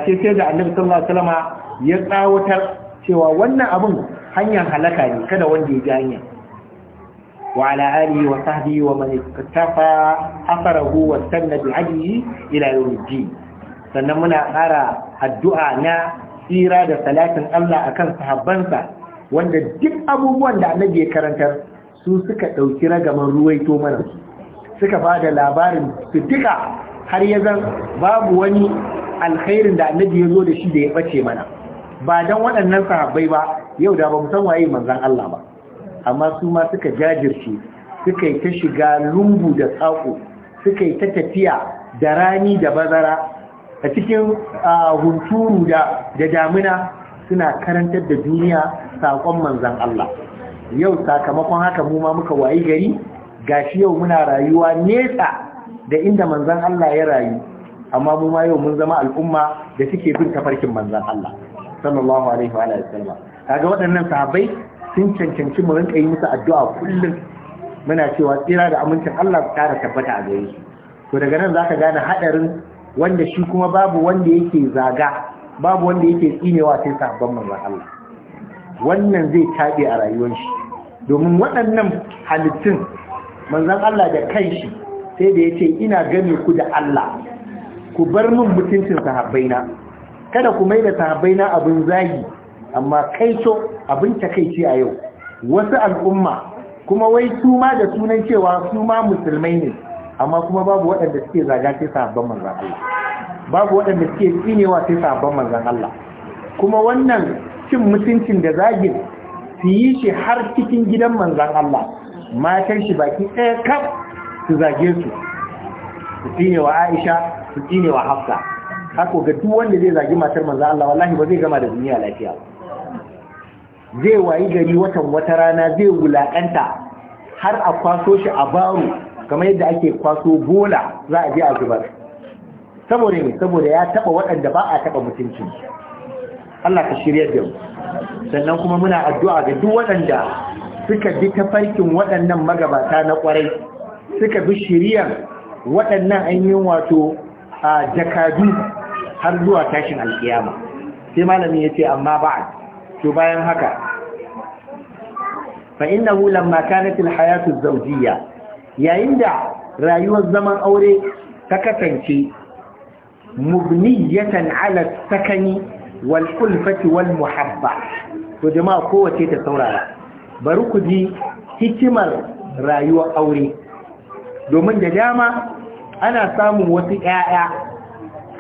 Speaker 1: ce sai da annabi sallallahu alaihi wasallam ya tsawatar cewa wannan abun hanyar halaka ne kada wanda ya ji hanya وعلى آله وصحبه ومن اكتفى أثره واستنى بعجله إلى يوم الدين sannan muna ƙara addu'a na tsira da salatin Allah akan sahabbansa wanda duk abubuwan da annabi ya karantar su suka ɗauki ragaman ruwaito mana suka ba da labarin fitika har ya zan babu wani alkhairin da annabi ya zo da shi da ya ɓace mana ba don waɗannan sahabbai ba yau da ba mu san waye manzon Allah ba amma su ma suka jajirce suka yi ta shiga lungu da saƙo suka yi ta tafiya da rani da bazara a cikin hunturu da damina suna karantar da duniya saƙon manzan Allah yau sakamakon haka mu ma muka wayi gari gashi yau muna rayuwa nesa da inda manzan Allah ya rayu amma mu ma yau mun zama al'umma da suke bin tafarkin manzan Allah sallallahu alaihi wa sallam kaga waɗannan sahabbai sun cancanci mu rinka yi musu addu'a kullum muna cewa tsira da amincin Allah su kara tabbata a gare shi to daga nan zaka gane hadarin wanda shi kuma babu wanda yake zaga babu wanda yake tsinewa sai sahabban manzon Allah wannan zai tabe a rayuwar shi domin waɗannan halittun manzon Allah da kai shi, sai da yace ina game ku da Allah ku bar min mutuncin sahabbaina kada ku mai da sahabbaina abin zagi amma kai to abin takaici a yau wasu al'umma kuma wai su ma da sunan cewa su ma musulmai ne amma kuma babu waɗanda suke zaga sai sahabban manzan Allah babu waɗanda suke tsinewa sai sahabban manzan Allah kuma wannan cin mutuncin da zagin su yi shi har cikin gidan manzan Allah matan shi baki ɗaya kaf su zage su su tsinewa Aisha su tsinewa Hafsa haka ga duk wanda zai zagi matar manzan Allah wallahi ba zai gama da duniya lafiya ba zai wayi gari watan wata rana zai wulakanta har a kwaso shi a baro kamar yadda ake kwaso bola za a je a zubar saboda ne saboda ya taba waɗanda ba a taba mutunci Allah ka shirya da mu sannan kuma muna addu'a ga duk waɗanda suka bi tafarkin waɗannan magabata na ƙwarai suka bi shiriyar waɗannan ainihin wato a jakadu har zuwa tashin alkiyama sai malamin ya ce amma ba'a. to bayan haka fa innahu lamma kanat alhayatu azwajiyya yayin da rayuwar zaman aure ta kasance mubniyatan ala sakani wal kulfati wal muhabba to jama'a kowace ta saurara bari ku ji hikimar rayuwar aure domin da dama ana samun wasu 'ya'ya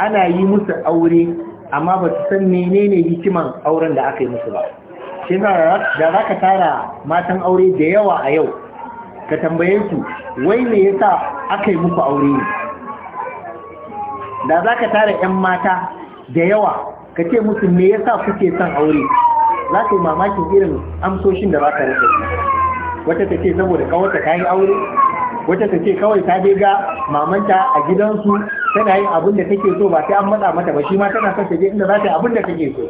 Speaker 1: ana yi musu aure amma ba su san menene hikiman auren da aka yi musu ba shi da za ka tara matan aure da yawa a yau ka tambaye su wai me yasa aka yi muku aure ne da za ka tara 'yan mata da yawa ka ce musu me yasa kuke son aure za ka yi mamakin irin amsoshin da ba ka rasa wata ta ce saboda kawarta ta yi aure wata ta ce kawai ta je ga mamanta a gidansu tana yin abin da take so ba sai an matsa mata ba shi ma tana son ta je inda za ta yi abin da take so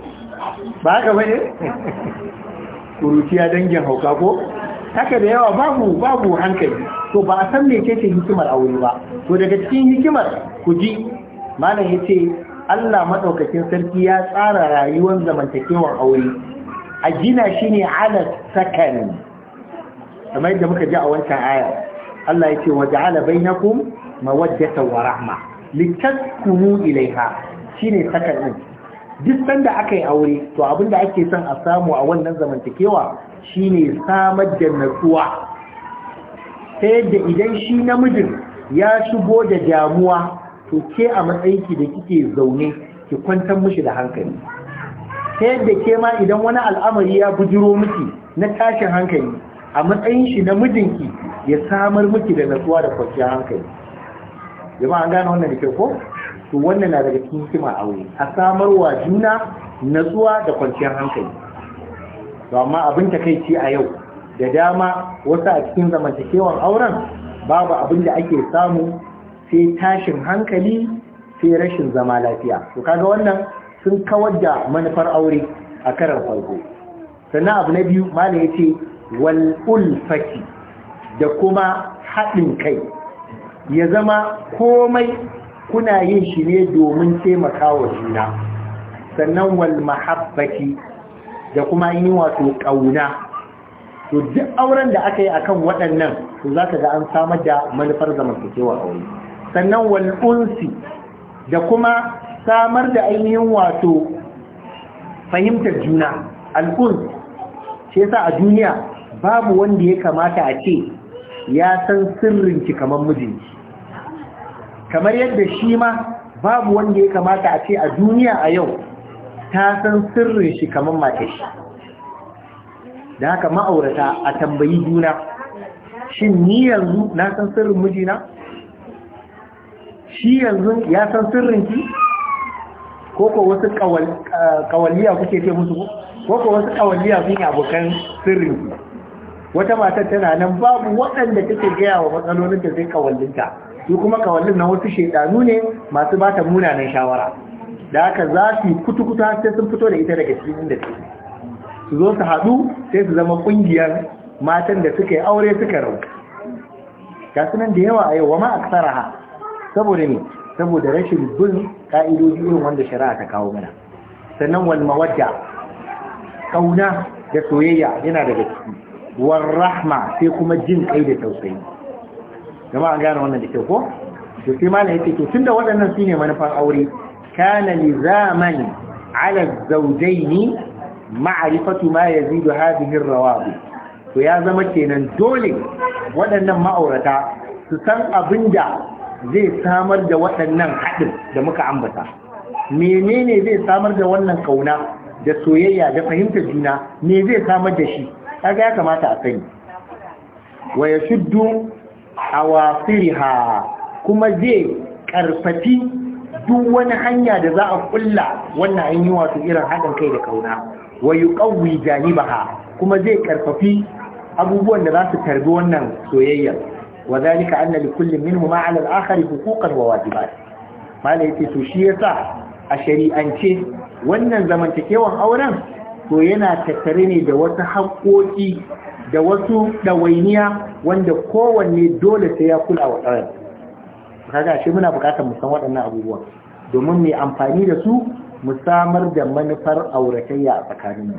Speaker 1: ba haka ba ne kuruciya dangin hauka ko haka da yawa babu babu hankali to ba a san mece ce hikimar aure ba to daga cikin hikimar ku ji malam ce Allah madaukakin sarki ya tsara rayuwar zamantakewar aure a gina shi ne ala sakani kamar yadda muka ji a wancan aya Allah ya ce wa ja'ala bainakum mawaddata wa rahma litaskunu ilaiha shine sakan din duk sanda aka aure to abinda ake son a samu a wannan zamantakewa shine samar da natsuwa ta yadda idan shi namijin ya shigo da damuwa to ke a matsayinki da kike zaune ki kwantar mishi da hankali ta yadda ke ma idan wani al'amari ya bujiro miki na tashin hankali a matsayin shi na mijinki ya samar miki da natsuwa da kwanciyar hankali jama'a an gane wannan da kyau ko to wannan na daga cikin hikima aure a samarwa juna natsuwa da kwanciyar hankali to amma abin takaici a yau da dama wasu a cikin zamantakewan auren babu abin da ake samu sai tashin hankali sai rashin zama lafiya to kaga wannan sun kawar da manufar aure a karan farko sannan abu na biyu malam ya ce wal ulfati da kuma haɗin kai ya zama komai kuna yin shi ne domin taimakawa juna sannan wal mahabbati da kuma yi wato ƙauna to duk auren da aka yi a kan waɗannan to za ka ga an samar da manufar zamantakewa aure sannan wal unsi da kuma samar da ainihin wato fahimtar juna al'un shi yasa a duniya babu wanda ya kamata a ce ya san sirrinki kamar mijinki kamar yadda shi ma babu wanda ya kamata a ce a duniya a yau ta san sirrin shi kamar matar shi da haka ma'aurata a tambayi juna shin ni yanzu na san sirrin mijina shi yanzu ya san sirrinki ko ko wasu kawaliya kuke ce musu ko ko wasu kawaliya sun yi abokan sirrinki wata matar tana nan babu waɗanda take gaya wa matsalolin da sai kawallinta su kuma kawallin na wasu shaidanu ne masu bata munanan shawara da haka za su kutukuta sai sun fito da ita daga cikin inda take su zo su haɗu sai su zama ƙungiyar matan da suka yi aure suka rau ga su nan da yawa a yau wa ma aksara ha saboda ne saboda rashin bin ka'idoji irin wanda shari'a ta kawo mana sannan wal ƙauna, da soyayya yana daga ciki war rahma sai kuma jin kai da tausayi kuma an gane wannan da ke ko to sai ma yake to tunda waɗannan su ne manufar aure kana lizaman ala zawjaini ma'rifatu ma yazidu hadhihi rawabi to ya zama kenan dole waɗannan ma'aurata su san abinda zai samar da waɗannan haɗin da muka ambata menene zai samar da wannan kauna da soyayya da fahimtar juna me zai samar da shi kaga ya kamata a sani wa yashuddu awasiriha kuma zai ƙarfafi duk wani hanya da za a kulla wannan an yi wato irin haɗin kai da kauna wa yuqawwi janibaha kuma zai karfafi abubuwan da za su tarbi wannan soyayya wa zalika anna li kullin minhum ala al-akhar huquqan wa wajibat malai yace to shi yasa a shari'ance wannan zamantakewan auren to yana tattare ne da wasu haƙoƙi da wasu ɗawainiya wanda kowanne dole sai ya kula wa ɗayan kaga shi muna buƙatar mu san waɗannan abubuwa domin mai amfani da su mu samar da manufar auratayya a tsakanin mu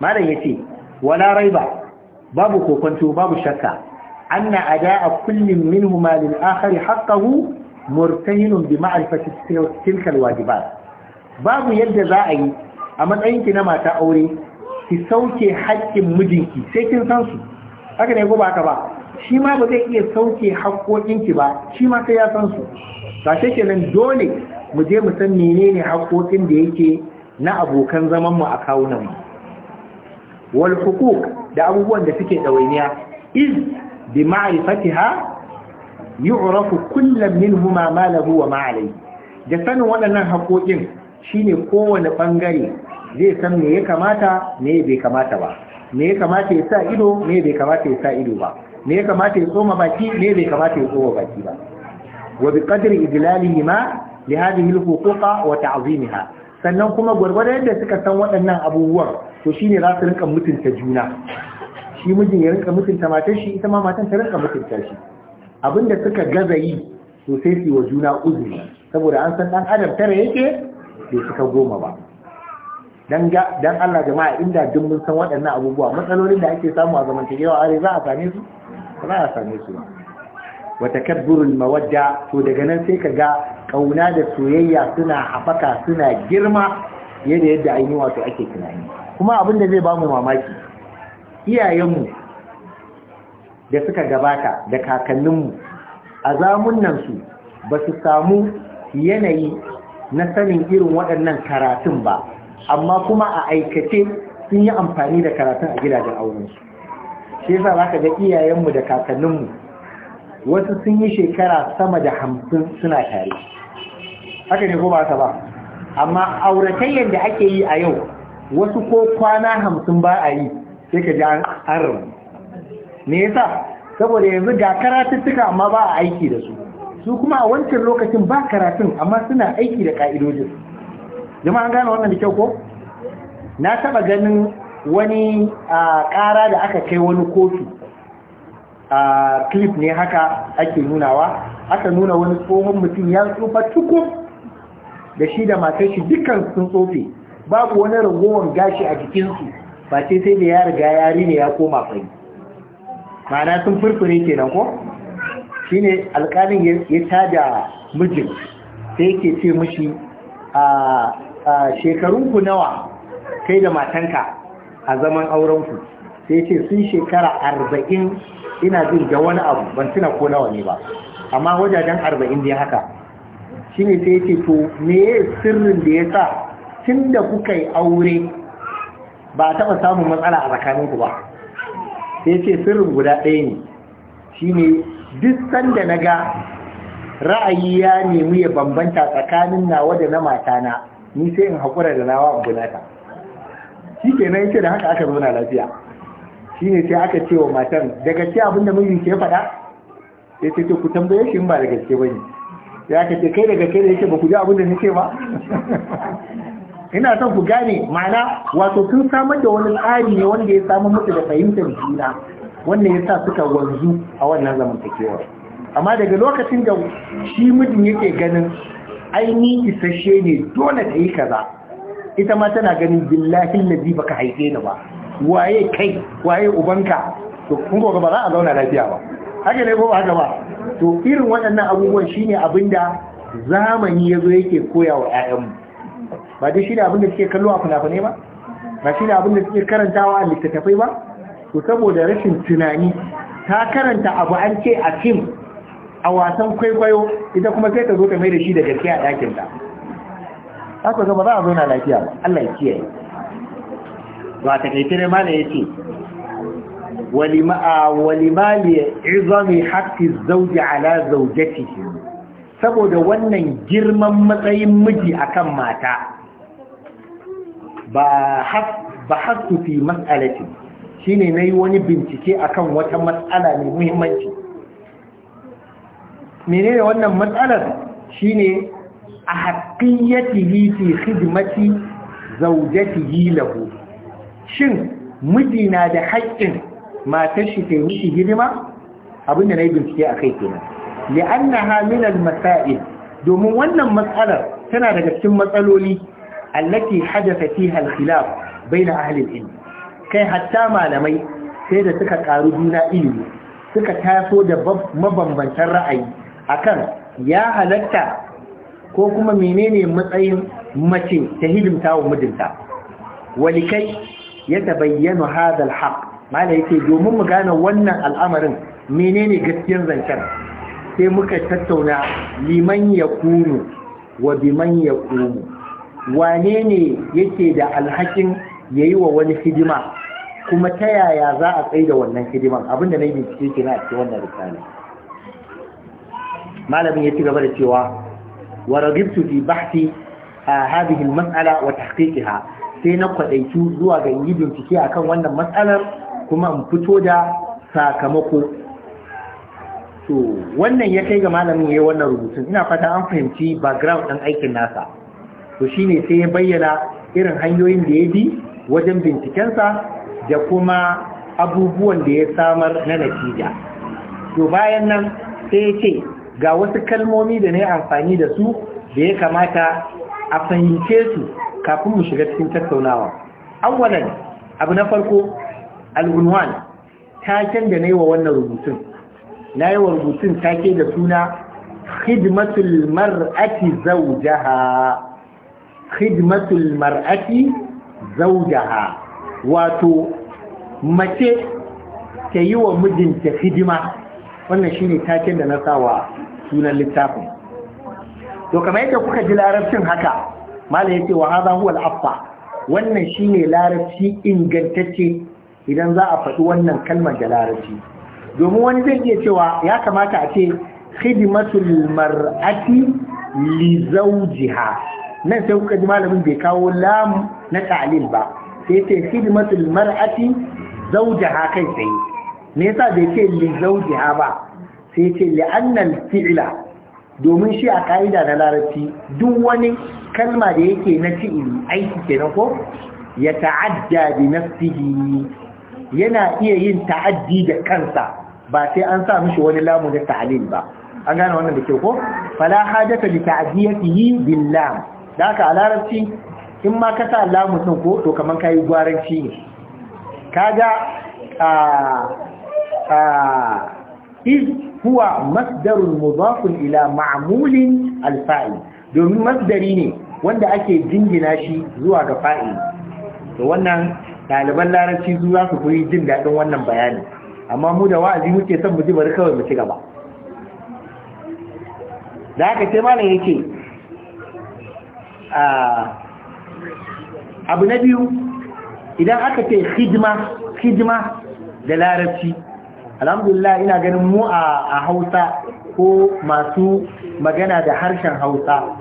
Speaker 1: malam yace wala raiba babu kokonto babu shakka anna a kullin minhuma lil akhari haqqahu murtahinun bi ma'rifati tilka wajibat babu yadda za a yi a matsayinki na mata aure ki sauke haƙƙin mijinki sai kin san su haka ne ko ba haka ba shi ma ba zai iya sauke haƙƙoƙinki ba shi ma sai ya san su ke kenan dole mu je mu san menene haƙƙoƙin da yake na abokan zaman mu a kawunan mu wal huquq da abubuwan da suke dawainiya iz bi ma'rifatiha yu'rafu kullu huma ma lahu wa ma alayhi da sanin waɗannan haƙoƙin shine kowane ɓangare zai san me ya kamata me bai kamata ba me ya kamata ya sa ido me bai kamata ya sa ido ba me ya kamata ya tsoma baki me bai kamata ya tsoma baki ba wa bi qadri idlalihi ma li hadhihi al-huquqa wa ta'zimiha sannan kuma gwargwada yadda suka san waɗannan abubuwan to shine za su rinka mutunta juna shi mijin ya rinka mutunta matar shi ita ma matan ta rinka mutunta shi abinda suka gaza yi to sai su wa juna uzuri saboda an san dan adam tare yake bai suka goma ba dan dan Allah jama'a inda duk mun san waɗannan abubuwa matsalolin da ake samu a zamantakewa are za a same su ba a same su wa takabburul mawadda to daga nan sai ka ga kauna da soyayya suna hafaka, suna girma yadda yadda ainihin wato ake tunani kuma abin da zai ba mu mamaki iyayenmu da suka gabata da kakanninmu a zamunan su ba su samu yanayi na sanin irin waɗannan karatun ba amma kuma a aikace sun yi amfani da karatun a gidajen aurensu shi yasa za ka ga iyayenmu da kakanninmu wasu sun yi shekara sama da hamsin suna tare haka ne ko ba ka ba amma auratayyar da ake yi a yau wasu ko kwana hamsin ba a yi sai ka ji an rabu me yasa saboda yanzu ga karatuttuka amma ba a aiki da su su kuma a wancan lokacin ba karatun amma suna aiki da ka'idojin dama an gane wannan da kyau ko na taba ganin wani ƙara da aka kai wani kofi a clip ne haka ake nunawa aka nuna wani tsohon mutum ya tsufa tukun da shi da matar shi dukkan sun tsofe babu wani ragowar gashi a jikinsu ba ce sai da ya riga yari ne ya koma fari ma'ana sun furfure kenan ko Shi ne alƙalin ya tada mijin sai ke ce mashi. a ku nawa kai da matanka a zaman aurenku sai ce sun shekara arba'in ina jin da wani abu ban tuna ko nawa ne ba amma wajajen arba'in dai haka shi ne sai ce to me sirrin da ya sa tun da kuka yi aure ba taɓa samun matsala a tsakaninku ba sai ce sirrin guda ɗaya ne shi ne duk sanda na ga ra'ayi ya nemi ya bambanta tsakanin nawa da na matana ni sai in haƙura da nawa abu nata shi kenan ce da haka aka zauna lafiya shi ne sai aka ce wa matan da gaske abin da mijin ke faɗa sai ce ku tambaye shi in ba da gaske ba ne sai aka ce kai da gaske da yake ba ku ji abin da nake ba ina son ku gane ma'ana wato sun samar da wani tsari ne wanda ya samu musu da fahimtar juna wanda ya sa suka wanzu a wannan zamantakewar amma daga lokacin da shi mutum yake ganin Ainihi, isasshe ne dole ka yi kaza ita ma tana ganin billahi lazi baka haife ni ba waye kai waye ubanka to kun ga ba za a zauna lafiya ba haka ne ko haka ba to irin waɗannan abubuwan shine abinda zamani yazo yake koya wa mu ba dai shine abinda suke kallo a fina-finai ba ba shine abinda suke karantawa a littattafai ba to saboda rashin tunani ta karanta abu an ce a fim a wasan kwaikwayo ita kuma sai ta zo ta mai da shi da gaske a ɗakinta haka zama za a zo na lafiya ba Allah ya kiyaye ba ta kai tare mana ya ce walima ne izami haƙƙi zauji ala zaujati saboda wannan girman matsayin miji akan mata ba haƙƙu fi matsalatin shi ne na yi wani bincike akan wata matsala mai muhimmanci menene wannan matsalar shine a haƙiyyatihi fi khidmati zawjatihi lahu shin miji na da haƙƙin matar shi ta yi hidima abinda na yi bincike a kai kenan li'annaha min masail domin wannan matsalar tana daga cikin matsaloli allati hadatha fiha al-khilaf baina ahli al-ilm kai hatta malamai sai da suka karu juna ilimi suka taso da mabambantan ra'ayi akan ya halatta ko kuma menene matsayin mace ta hidimta wa mijinta walikai ya tabayyana hada alhaq mala yake domin mu gane wannan al'amarin menene gaskiyar zancen sai muka tattauna liman ya wa biman ya wane ne yake da alhakin yayi wa wani hidima kuma ta yaya za a da wannan hidiman abinda na yi bincike kenan a cikin wannan risala malamin ya ci gaba da cewa wa ragibtu fi bahthi hadhihi al-mas'ala wa tahqiqiha sai na kwadaitu zuwa ga yi bincike akan wannan matsalar kuma in fito da sakamako to wannan ya kai ga malamin yayin wannan rubutun ina fata an fahimci background din aikin nasa to shine sai ya bayyana irin hanyoyin da ya bi wajen bincikensa da kuma abubuwan da ya samar na natija to bayan nan sai ya ce ga wasu kalmomi da na yi amfani da su da ya kamata a fahimce su kafin mu shiga cikin tattaunawa awwalan abu na farko al'unwan taken da na yi wa wannan rubutun na yi wa rubutun take da suna khidmatul mar'ati zawjaha khidmatul mar'ati zawjaha wato mace ta yi wa mijinta hidima wannan shine taken da na sawa sunan littafin
Speaker 2: to kamar yadda kuka ji larabcin
Speaker 1: haka malam ce, wa haza huwa al-affa wannan shine larabci ingantacce idan za a faɗi wannan kalmar da larabci domin wani zai iya cewa ya kamata a ce khidmatul mar'ati li zawjiha nan sai kuka ji malamin bai kawo lam na ta'lil ba sai ce khidmatul mar'ati zawjaha kai tsaye me yasa bai ce li zaujiha ba sai ce li annal fi'la domin shi a ka'ida na larabci duk wani kalma da yake na fi'li aiki kenan ko ya ta'adda bi nafsihi yana iya yin ta'addi da kansa ba sai an sa mishi wani lamu da ta'lil ba an gane wannan da ke ko fala hadaka li ta'diyatihi bil lam da ka a larabci in ma ka sa lamu din ko to kaman kai gwaranci ne kaga a iz huwa masdarun mudafun ila ma'amulin alfa'il domin masdari ne wanda ake jingina shi zuwa ga fa'il to wannan ɗaliban larabci su za su koyi jin daɗin wannan bayani amma mu da wa'azi muke son mu ji bari kawai mu ci gaba da haka sai malam yake abu na biyu idan aka ce hidima hidima da larabci alhamdulillah ina ganin mu a hausa ko masu magana da harshen hausa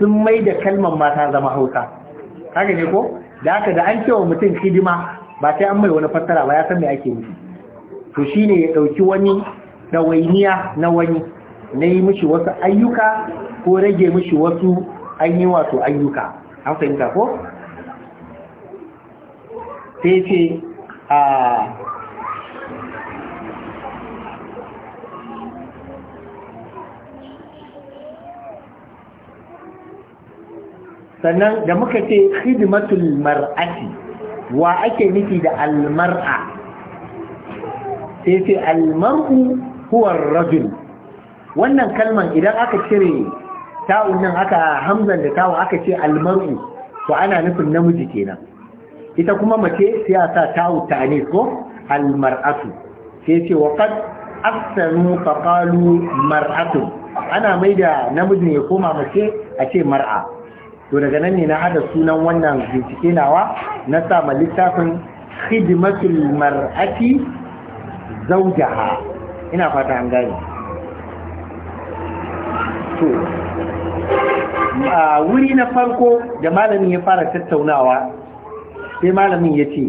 Speaker 1: sun mai da kalmar mata zama hausa haka ne ko da haka da an cewa mutum hidima ba sai an mai wani fassara ba ya san me ake nufi to shine ya dauki wani dawainiya na wani na yi mishi wasu ayyuka ko rage mishi wasu an yi wato ayyuka an fahimta ko sai ce a ah, sannan da muka ce khidmatul mar'ati wa ake nufi da almar'a sai sai almar'u huwa rajul wannan kalman idan aka cire ta'un nan aka hamzan da ta'u aka ce almar'u to ana nufin namiji kenan ita kuma mace sai sa ta'u ta'anis ko almar'atu sai ce wa qad ahsanu faqalu mar'atu ana maida namiji ne koma mace a ce mar'a to daga nan ne na hada sunan wannan bincike nawa na sama littafin khidmatul mar'ati zawjaha ina fata an gane to a wuri na farko da malamin ya fara tattaunawa sai malamin ya ce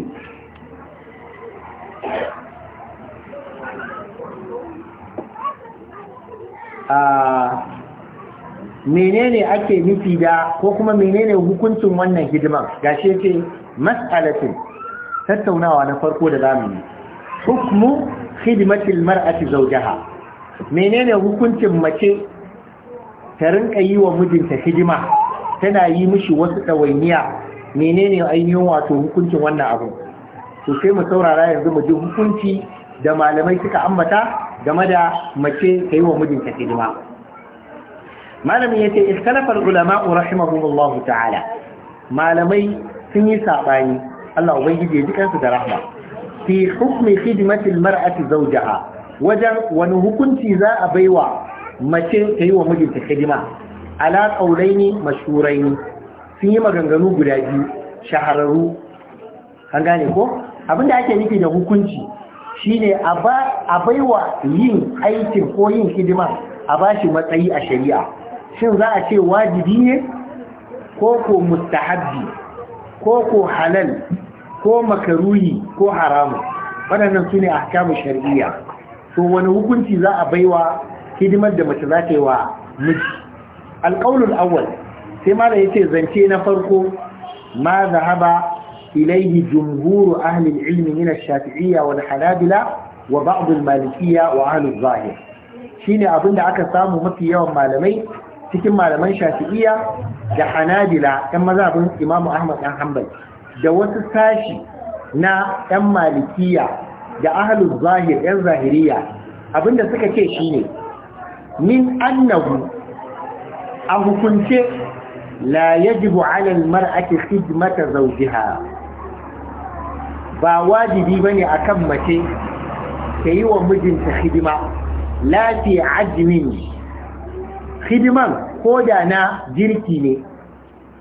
Speaker 1: a menene ake nufi da ko kuma menene hukuncin wannan hidiman gashi yake mas'alatin tattaunawa na farko da zamu yi hukmu khidmatil mar'ati zawjaha menene hukuncin mace ta rinka yi wa mijinta hidima tana yi mishi wasu ɗawainiya menene ainihin wato hukuncin wannan abu to sai mu saurara yanzu mu ji hukunci da malamai suka ambata game da mace ta yi wa mijinta hidima malamin yace ikhtalafal ulama'u rahimahumullah ta'ala malamai sun yi sabani Allah ubangiji ya ji kansu da rahma fi hukmi khidmati almar'ati zawjaha wajen wani hukunci za a baiwa mace ta yi wa mijinta hidima ala ma mashhuraini sun yi maganganu guda biyu shahararru an gane ko abinda ake nufi da hukunci shine a baiwa yin aikin ko yin hidima a bashi matsayi a shari'a shin za a ce wajibi ne ko ko mustahabbi ko ko halal ko makaruhi ko haramu waɗannan su ne ahkamu shari'a to wani hukunci za a baiwa hidimar da mace za ta yi wa miji alƙaulul Awal, sai mala yace zance na farko ma zahaba إليه جمهور أهل العلم من الشافعية والحنابلة wa المالكية zahir الظاهر abin da aka samu mafi yawan malamai. cikin malaman shafi'iyya da hanabila ɗan mazhabin imamu ahmad ɗan hanbal da wasu sashi na ɗan malikiya da ahalul zahir ɗan zahiriya abinda suka ce shine min annahu a hukunce la yajibu ala almar'ati khidmata zawjiha ba wajibi bane akan mace ta yi wa mijinta hidima la fi ajmin hidiman ko da na girki ne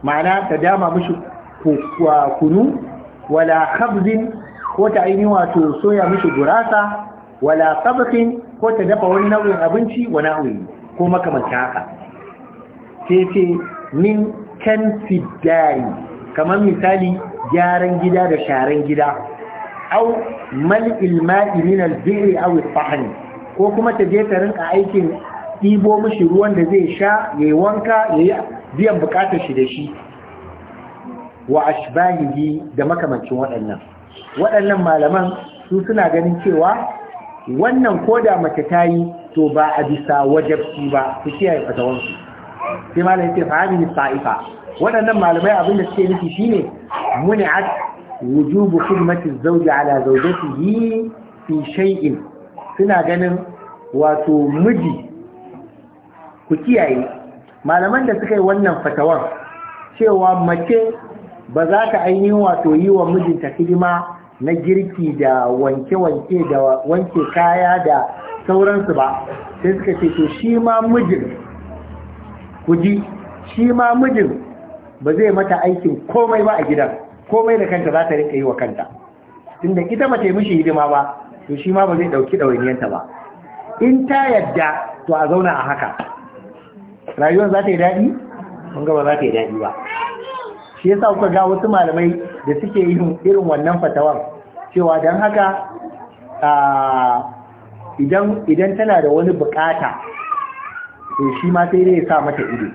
Speaker 1: ma'ana ta dama mishi kunu wala khabzin ko ta aini wato soya mishi gurasa wala sabqin ko ta dafa wani nau'in abinci wa nahwi ko makamanta haka ce ce min kan fidari kamar misali gyaran gida da sharan gida au mal ilma'i min al-bi'i aw ko kuma ta je ta rinka aikin ɗibo mashi ruwan da zai sha ya yi wanka ya yi biyan bukatar shi da shi wa ashbahihi da makamancin waɗannan waɗannan malaman su suna ganin cewa wannan koda mace ta yi to ba a bisa wajabci ba su kiyaye fatawansu sai malam yace fa hadhihi sa'ifa waɗannan malamai abin da suke nufi shine muni'at wujubu khidmati zawji ala zawjatihi fi shay'in suna ganin wato miji ku kiyaye malaman da suka yi wannan fatawar cewa mace ba za ta ainihin wato yi wa mijinta hidima na girki da wanke-wanke da wanke kaya da sauransu ba sai suka ce to shi ma mijin ku ji shi ma mijin ba zai mata aikin komai ba a gidan komai da kanta za ta rika yi wa kanta inda ita mace ta mishi hidima ba to shi ma ba zai ɗauki ɗawainiyanta ba in ta yadda to a zauna a haka rayuwar za ta yi daɗi mun gaba za ta yi daɗi ba shi yasa kuka ga wasu malamai da suke yin irin wannan fatawan cewa don haka idan tana da wani bukata to shi ma sai dai ya sa mata ido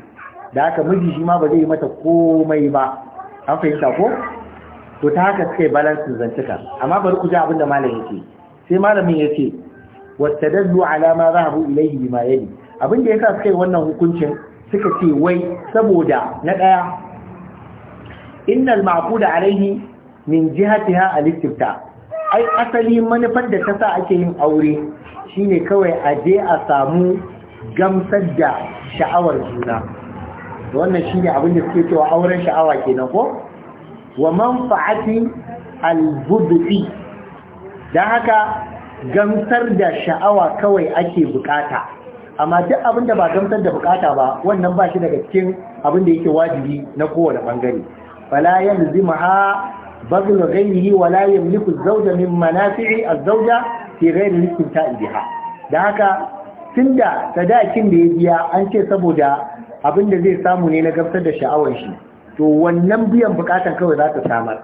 Speaker 1: da haka miji shi ma ba zai yi mata komai ba an fahimta ko to ta haka suka yi balansin zantuka amma bari ku ji abin da malam yake sai malamin ya ce wastadallu ala ma zahabu ilayhi bima yali abin da yasa suka yi wannan hukuncin suka ce wai saboda na ɗaya innal da alaihi min jihatiha ha istifta ai asali manufar da ta sa ake yin aure shine kawai a je a samu gamsar da sha'awar juna wannan shine abin da suke cewa auren sha'awa kenan ko wa manfa'ati albub'i budhi haka gamsar da sha'awa kawai ake bukata amma duk abin da ba gamsar da bukata ba wannan ba shi daga cikin abin da yake wajibi na kowane bangare wala yanzimaha bazlu ghayrihi wala yamliku zawja min manafi'i az-zawja fi ghayri istimta'i ta'idiha da haka tunda sadakin da ya biya an ce saboda abin da zai samu ne na gamsar da sha'awar shi to wannan biyan bukatan kawai za ta samar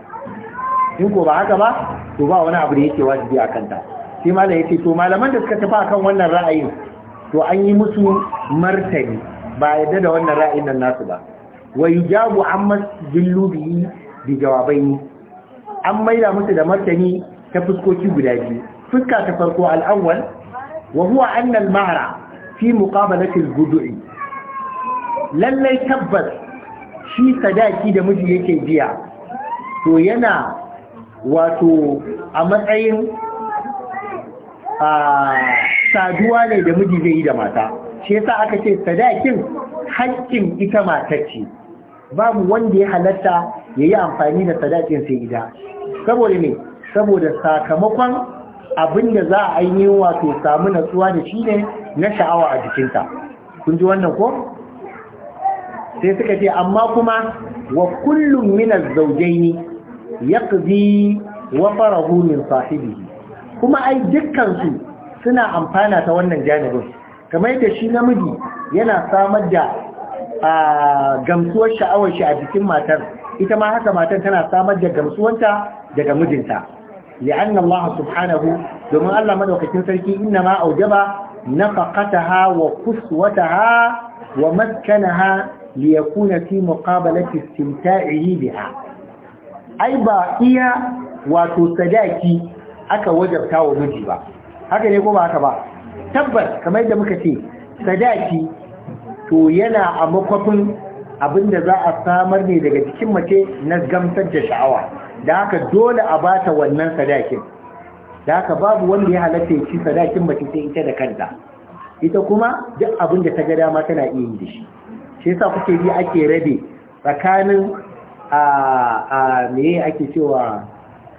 Speaker 1: in ko ba haka ba to ba wani abu da yake wajibi a kanta sai malam yace to malaman da suka tafi akan wannan ra'ayin to an yi musu martani ba yarda da wannan ra'ayin nan nasu ba wa yujabu an masjillu bihi bi jawabaini an maida musu da martani ta fuskoki guda biyu fuska ta farko al-awwal wa huwa anna al-mahra fi muqabalati al-gudu'i lallai tabbas shi sadaki da miji yake biya to yana wato a matsayin a saduwa ne da miji zai yi da mata shi yasa aka ce sadakin haƙƙin ita matar ce babu wanda ya halatta ya yi amfani da sadakin sai gida, saboda ne saboda sakamakon abin da za a yi wato samu natsuwa da shi ne na sha'awa a jikinta kun ji wannan ko sai suka ce amma kuma wa kullum min az-zawjayn yaqdi wa farahu min sahibihi kuma ai dukkan su suna amfana ta wannan janibin kamar yadda shi namiji yana samar da gamsuwar sha'awar shi a jikin matar ita ma haka matar tana samar da gamsuwanta daga mijinta li'anna Allah subhanahu domin Allah madaukakin sarki inna ma aujaba nafaqataha wa kuswataha wa maskanaha liyakuna fi muqabalati istimta'ihi biha ai ba iya wato sadaki aka wajabta wa miji ba haka ne ko ba haka ba tabbas kamar yadda muka ce sadaki to yana a makwafin abinda za a samar ne daga cikin mace na gamsar da sha'awa da haka dole a bata wannan sadakin da haka babu wanda ya halatta ya ci sadakin mace sai ita da kanta ita kuma duk abin da ta ga dama tana iya yi da shi shi yasa kuke ji ake rabe tsakanin a a meye ake cewa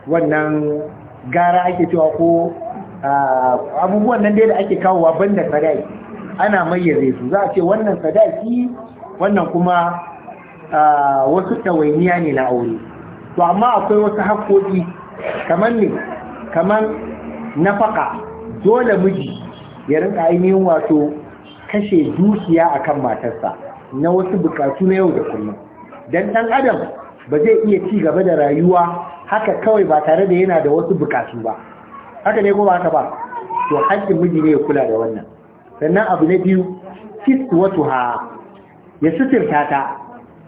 Speaker 1: wannan gara ake cewa ko abubuwan nan dai da ake kawowa banda sadaki ana mayyaze su za a ce wannan sadaki wannan kuma wasu ta'wainiya ne na aure to amma akwai wasu haƙoƙi kamar ne kamar nafaka dole miji ya rinka ainihin wato kashe dukiya akan matarsa na wasu bukatu na yau da kullum dan ɗan adam ba zai iya ci gaba da rayuwa haka kawai ba tare da yana da wasu bukatu ba haka ne kuma haka ba to haƙƙin miji ne ya kula da wannan sannan abu na biyu ha ya suturta ta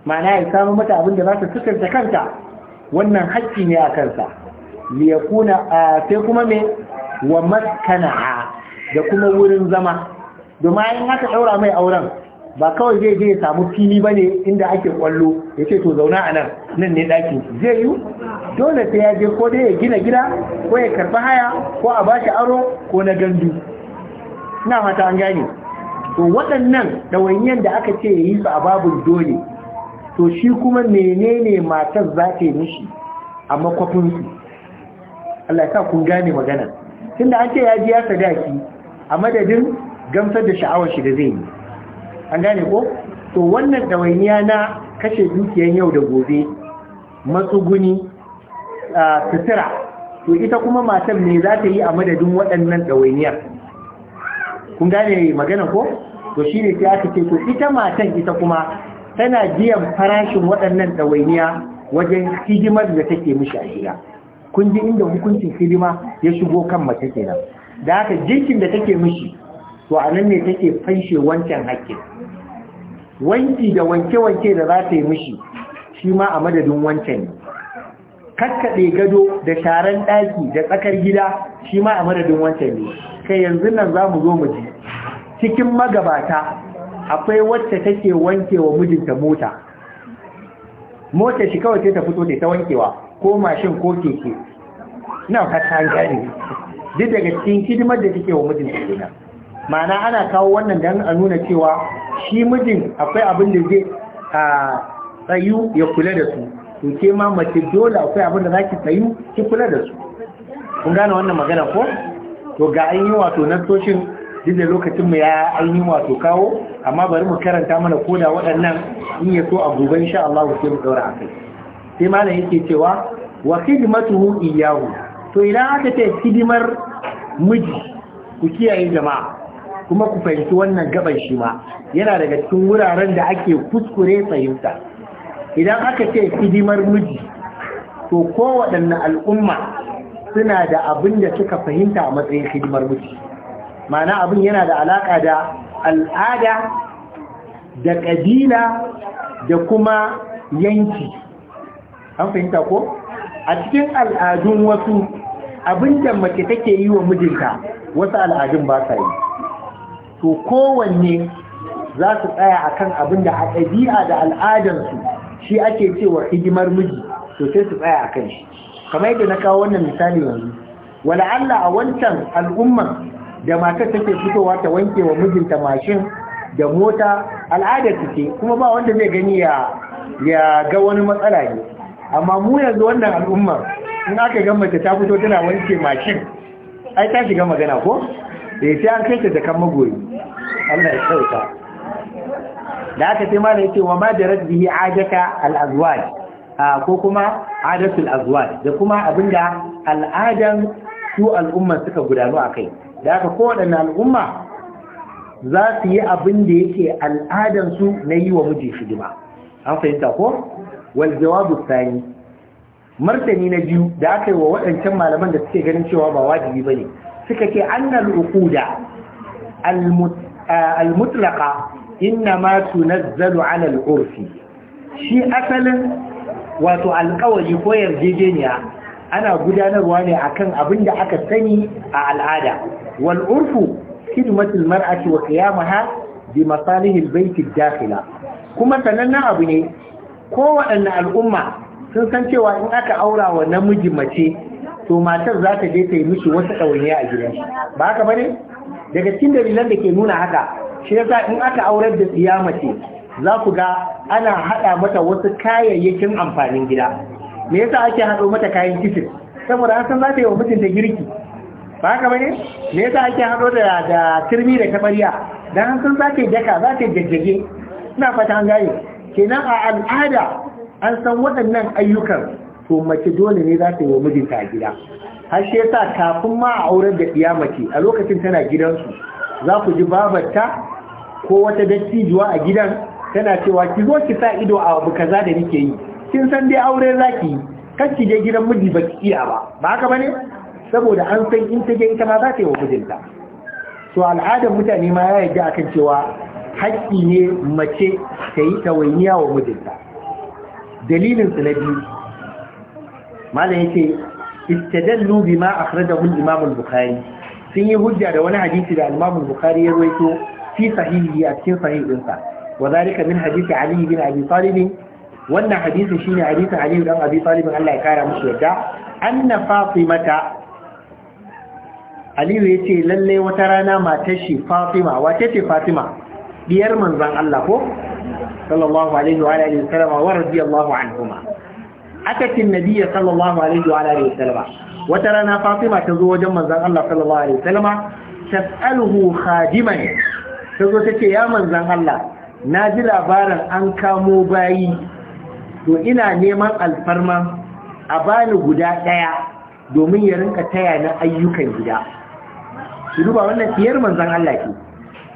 Speaker 1: ma'ana ya samu mata abin da za ta suturta kanta wannan haƙƙi ne a kansa yakuna sai kuma me wa maskana da kuma wurin zama domin haka ɗaura mai auren ba kawai zai je ya samu fili ba ne inda ake kwallo ya ce to zauna a nan nan ne daki zai yi dole sai ya je ko dai ya gina gida ko ya karɓi haya ko a bashi aro ko na gandu ina mata an gane to waɗannan ɗawainiyar da aka ce ya yi su a babu dole to shi kuma menene matar za ta mishi a makwafinsu Allah ya sa kun gane magana tunda an ce ya ji ya sadaki a madadin gamsar da sha'awar shi da zai yi an gane ko to wannan ɗawainiya na kashe dukiyar yau da gobe matsuguni a sutura to ita kuma matan ne za ta yi a madadin waɗannan dawainiyar kun gane magana ko to shi ne sai aka ce to ita matan ita kuma tana biyan farashin waɗannan ɗawainiya wajen hidimar da take mishi a gida kun ji inda hukuncin hidima ya shigo kan mace kenan da haka girkin da take mishi to a nan ne take fanshe wancan hakkin wanki da wanke-wanke da za ta yi mishi shi ma a madadin wancan ne gado da sharan ɗaki da tsakar gida shi ma a madadin wancan ne kai yanzu nan za mu zo mu ji cikin magabata akwai wacce take wanke wa mijinta mota mota shi kawai sai ta fito ta wankewa ko mashin ko keke na fata gani duk daga cikin hidimar da take wa mijinta kenan ma'ana ana kawo wannan dan a nuna cewa shi mijin akwai abin da zai a tsayu ya kula da su to ke ma mace dole akwai abin da zaki tsayu ki kula da su kun gane wannan magana ko to ga an yi wato nasoshin duk da lokacin mu ya an yi wato kawo amma bari mu karanta mana koda waɗannan in ya so a gobe insha Allah sai mu daura akai sai malam yake cewa wa khidmatuhu iyyahu to idan aka ce hidimar miji ku kiyaye jama'a kuma ku fahimci wannan gaban shi ma yana daga cikin wuraren da ake kuskure fahimta idan aka ce hidimar miji to kowaɗanne al'umma suna da abin da suka fahimta a matsayin hidimar miji ma'ana abin yana da alaƙa da al'ada da ƙabila da kuma yanki an fahimta ko a cikin al'adun wasu abin da mace take yi wa mijinta wasu al'adun ba sa yi to kowanne za su tsaya akan abin da a ɗabi'a da al'adansu shi ake cewa hidimar miji to sai su tsaya a kan shi kamar yadda na kawo wannan misali yanzu wala Allah a wancan al'umma da matar take fitowa ta wanke wa mijinta mashin da mota al'adar su kuma ba wanda zai gani ya ya ga wani matsala ne amma mu yanzu wannan al'ummar in aka ga mace ta fito tana wanke mashin ai ta shiga magana ko da eh, sai an kai ta da kan magoyi Allah ya sauka da aka sai mana ce wa ma da bihi ajaka al azwaj ko kuma adatul azwaj da kuma abinda al'adan su al'umma suka gudanu akai da aka kowaɗanne al'umma za su yi abin da yake su na yi wa miji hidima an fahimta ko wal jawabu sani martani na biyu da aka yi wa waɗancan malaman da suke ganin cewa ba wajibi ne. suka annar annal uquda eh, al mutlaqa innama tunazzalu ala al urfi shi asalin wato alkawari ko yarjejeniya ana gudanarwa ne akan abin da aka sani a al'ada wal urfu khidmatul mar'ati wa qiyamaha bi masalihil baiti dakhila kuma sanannen abu ne kowaɗanne al'umma sun san cewa in aka aura wa namiji mace to matar za ta je ta yi mishi wata a gidan ba haka bane daga cikin dalilan da ke nuna haka shi yasa in aka aurar da tsiyama mace za ku ga ana haɗa mata wasu kayayyakin amfanin gida me yasa ake haɗo mata kayan kicin saboda san za ta yi wa mutunta girki ba haka bane me yasa ake haɗo da da turmi da tabariya dan san za ta yi daka za ta yi jajjage ina fata an gane kenan a al'ada an san waɗannan ayyukan to mace dole ne za ta yi wa mijinta a gida har shi yasa kafin ma a aurar da iya mace a lokacin tana gidansu za ku ji babarta ko wata dattijuwa a gidan tana cewa ki zo ki sa ido a abu kaza da nake yi kin san dai aure zaki yi kan ki je gidan miji ba ki iya ba ba haka bane saboda an san in ta je ita ma za ta yi wa mijinta to al'adar mutane ma ya yarda akan cewa hakki ne mace ta yi tawainiya wa mijinta dalilin su na biyu malam yace istadallu bima akhrajahu al-imam al-bukhari sun yi hujja da wani hadisi da al-imam al-bukhari ya rawaito fi sahihi a cikin sahih dinsa wa zalika min hadisi ali bin abi talib wannan hadisi shine hadisi ali dan abi talib Allah ya kara mushi yadda anna fatimata Aliyu ya ce lalle wata rana matar shi Fatima wace ce Fatima diyar manzon Allah ko sallallahu alaihi wa alihi wa sallama wa radiyallahu anhuma akatin nabiyya sallallahu alaihi wa alihi wasallam wata rana fatima ta zo wajen manzon Allah sallallahu alaihi wasallam tas'aluhu khadiman ta zo tace ya manzon Allah na ji labarin an kamo bayi to ina neman alfarma a bani guda ɗaya, domin ya rinka taya na ayyukan gida ki duba wannan fiyar manzon ke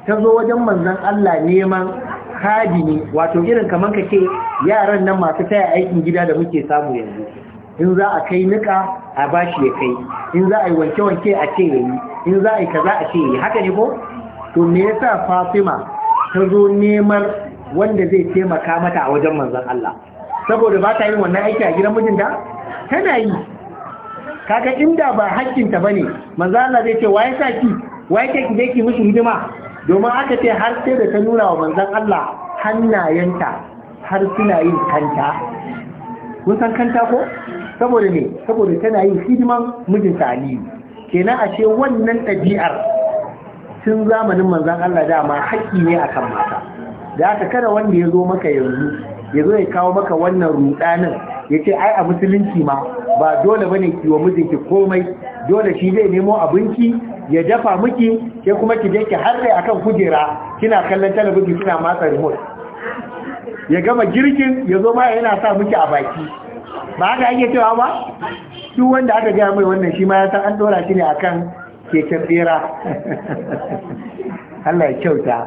Speaker 1: ta zo wajen manzon Allah neman ne wato irin kamar ka ce yaran nan masu taya aikin gida da muke samu yanzu in za a kai nika a bashi ya kai in za a yi wanke-wanke a ce ya yi, in za a yi kaza a ce ya yi, haka ne ko to me yasa Fatima ta zo neman wanda zai taimaka mata a wajen manzon Allah saboda ba ta yin wannan aiki a gidan mijinta tana yi kaga inda ba hakkinta bane manzon Allah zai ce waye sa ki waye ke ki je ki hidima domin aka ce har sai da ta nuna wa manzan Allah hannayenta har suna yin kanta kun san kanta ko saboda ne saboda tana yin hidiman mijinta aliyu kenan a ce wannan ɗabi'ar tun zamanin manzan Allah dama haƙƙi ne a kan mata da aka kada wanda ya zo maka yanzu ya zo ya kawo maka wannan rudanin ya ce ai a musulunci ma ba dole bane ki mijinki komai dole shi zai nemo abinci ya dafa miki ke kuma ki je ki harre akan kujera kina kallon talabijin kina matsa remote ya gama girkin ya zo ma yana sa miki a baki ba haka yake cewa ba duk wanda aka gaya mai wannan shi ma ya san an dora shi ne akan keken bera Allah ya kyauta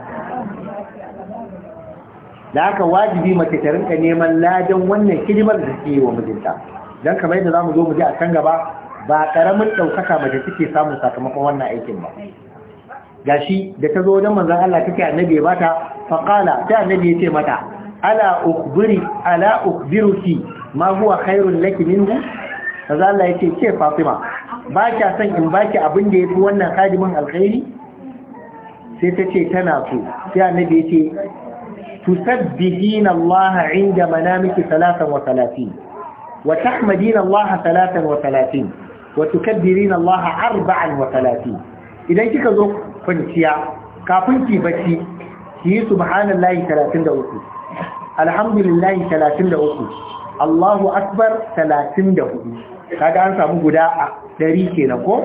Speaker 1: da haka wajibi mace ta rinka neman ladan wannan hidimar da take yi wa mijinta dan kamar yadda zamu zo mu ji a can gaba ba karamin ɗaukaka mace da suke samun sakamakon wannan aikin ba gashi da ta zo wajen manzon Allah take annabi ya bata faqala ta annabi ya ce mata ala ukbiri ala ukbiruki ma huwa khairul laki minhu Allah yake ce Fatima ba kya son in baki abin da yafi wannan hadimin alkhairi sai ta ce tana so sai annabi ya ce tusabbihina Allah inda manamiki 33 wa tahmadina Allah 33 wa tukaddirin Allah arba'an wa talatin idan kika zo kwanciya kafin ki bacci ki yi subhanallahi 33 alhamdulillahi 33 Allahu akbar 34 kaga an samu guda a dari kenan ko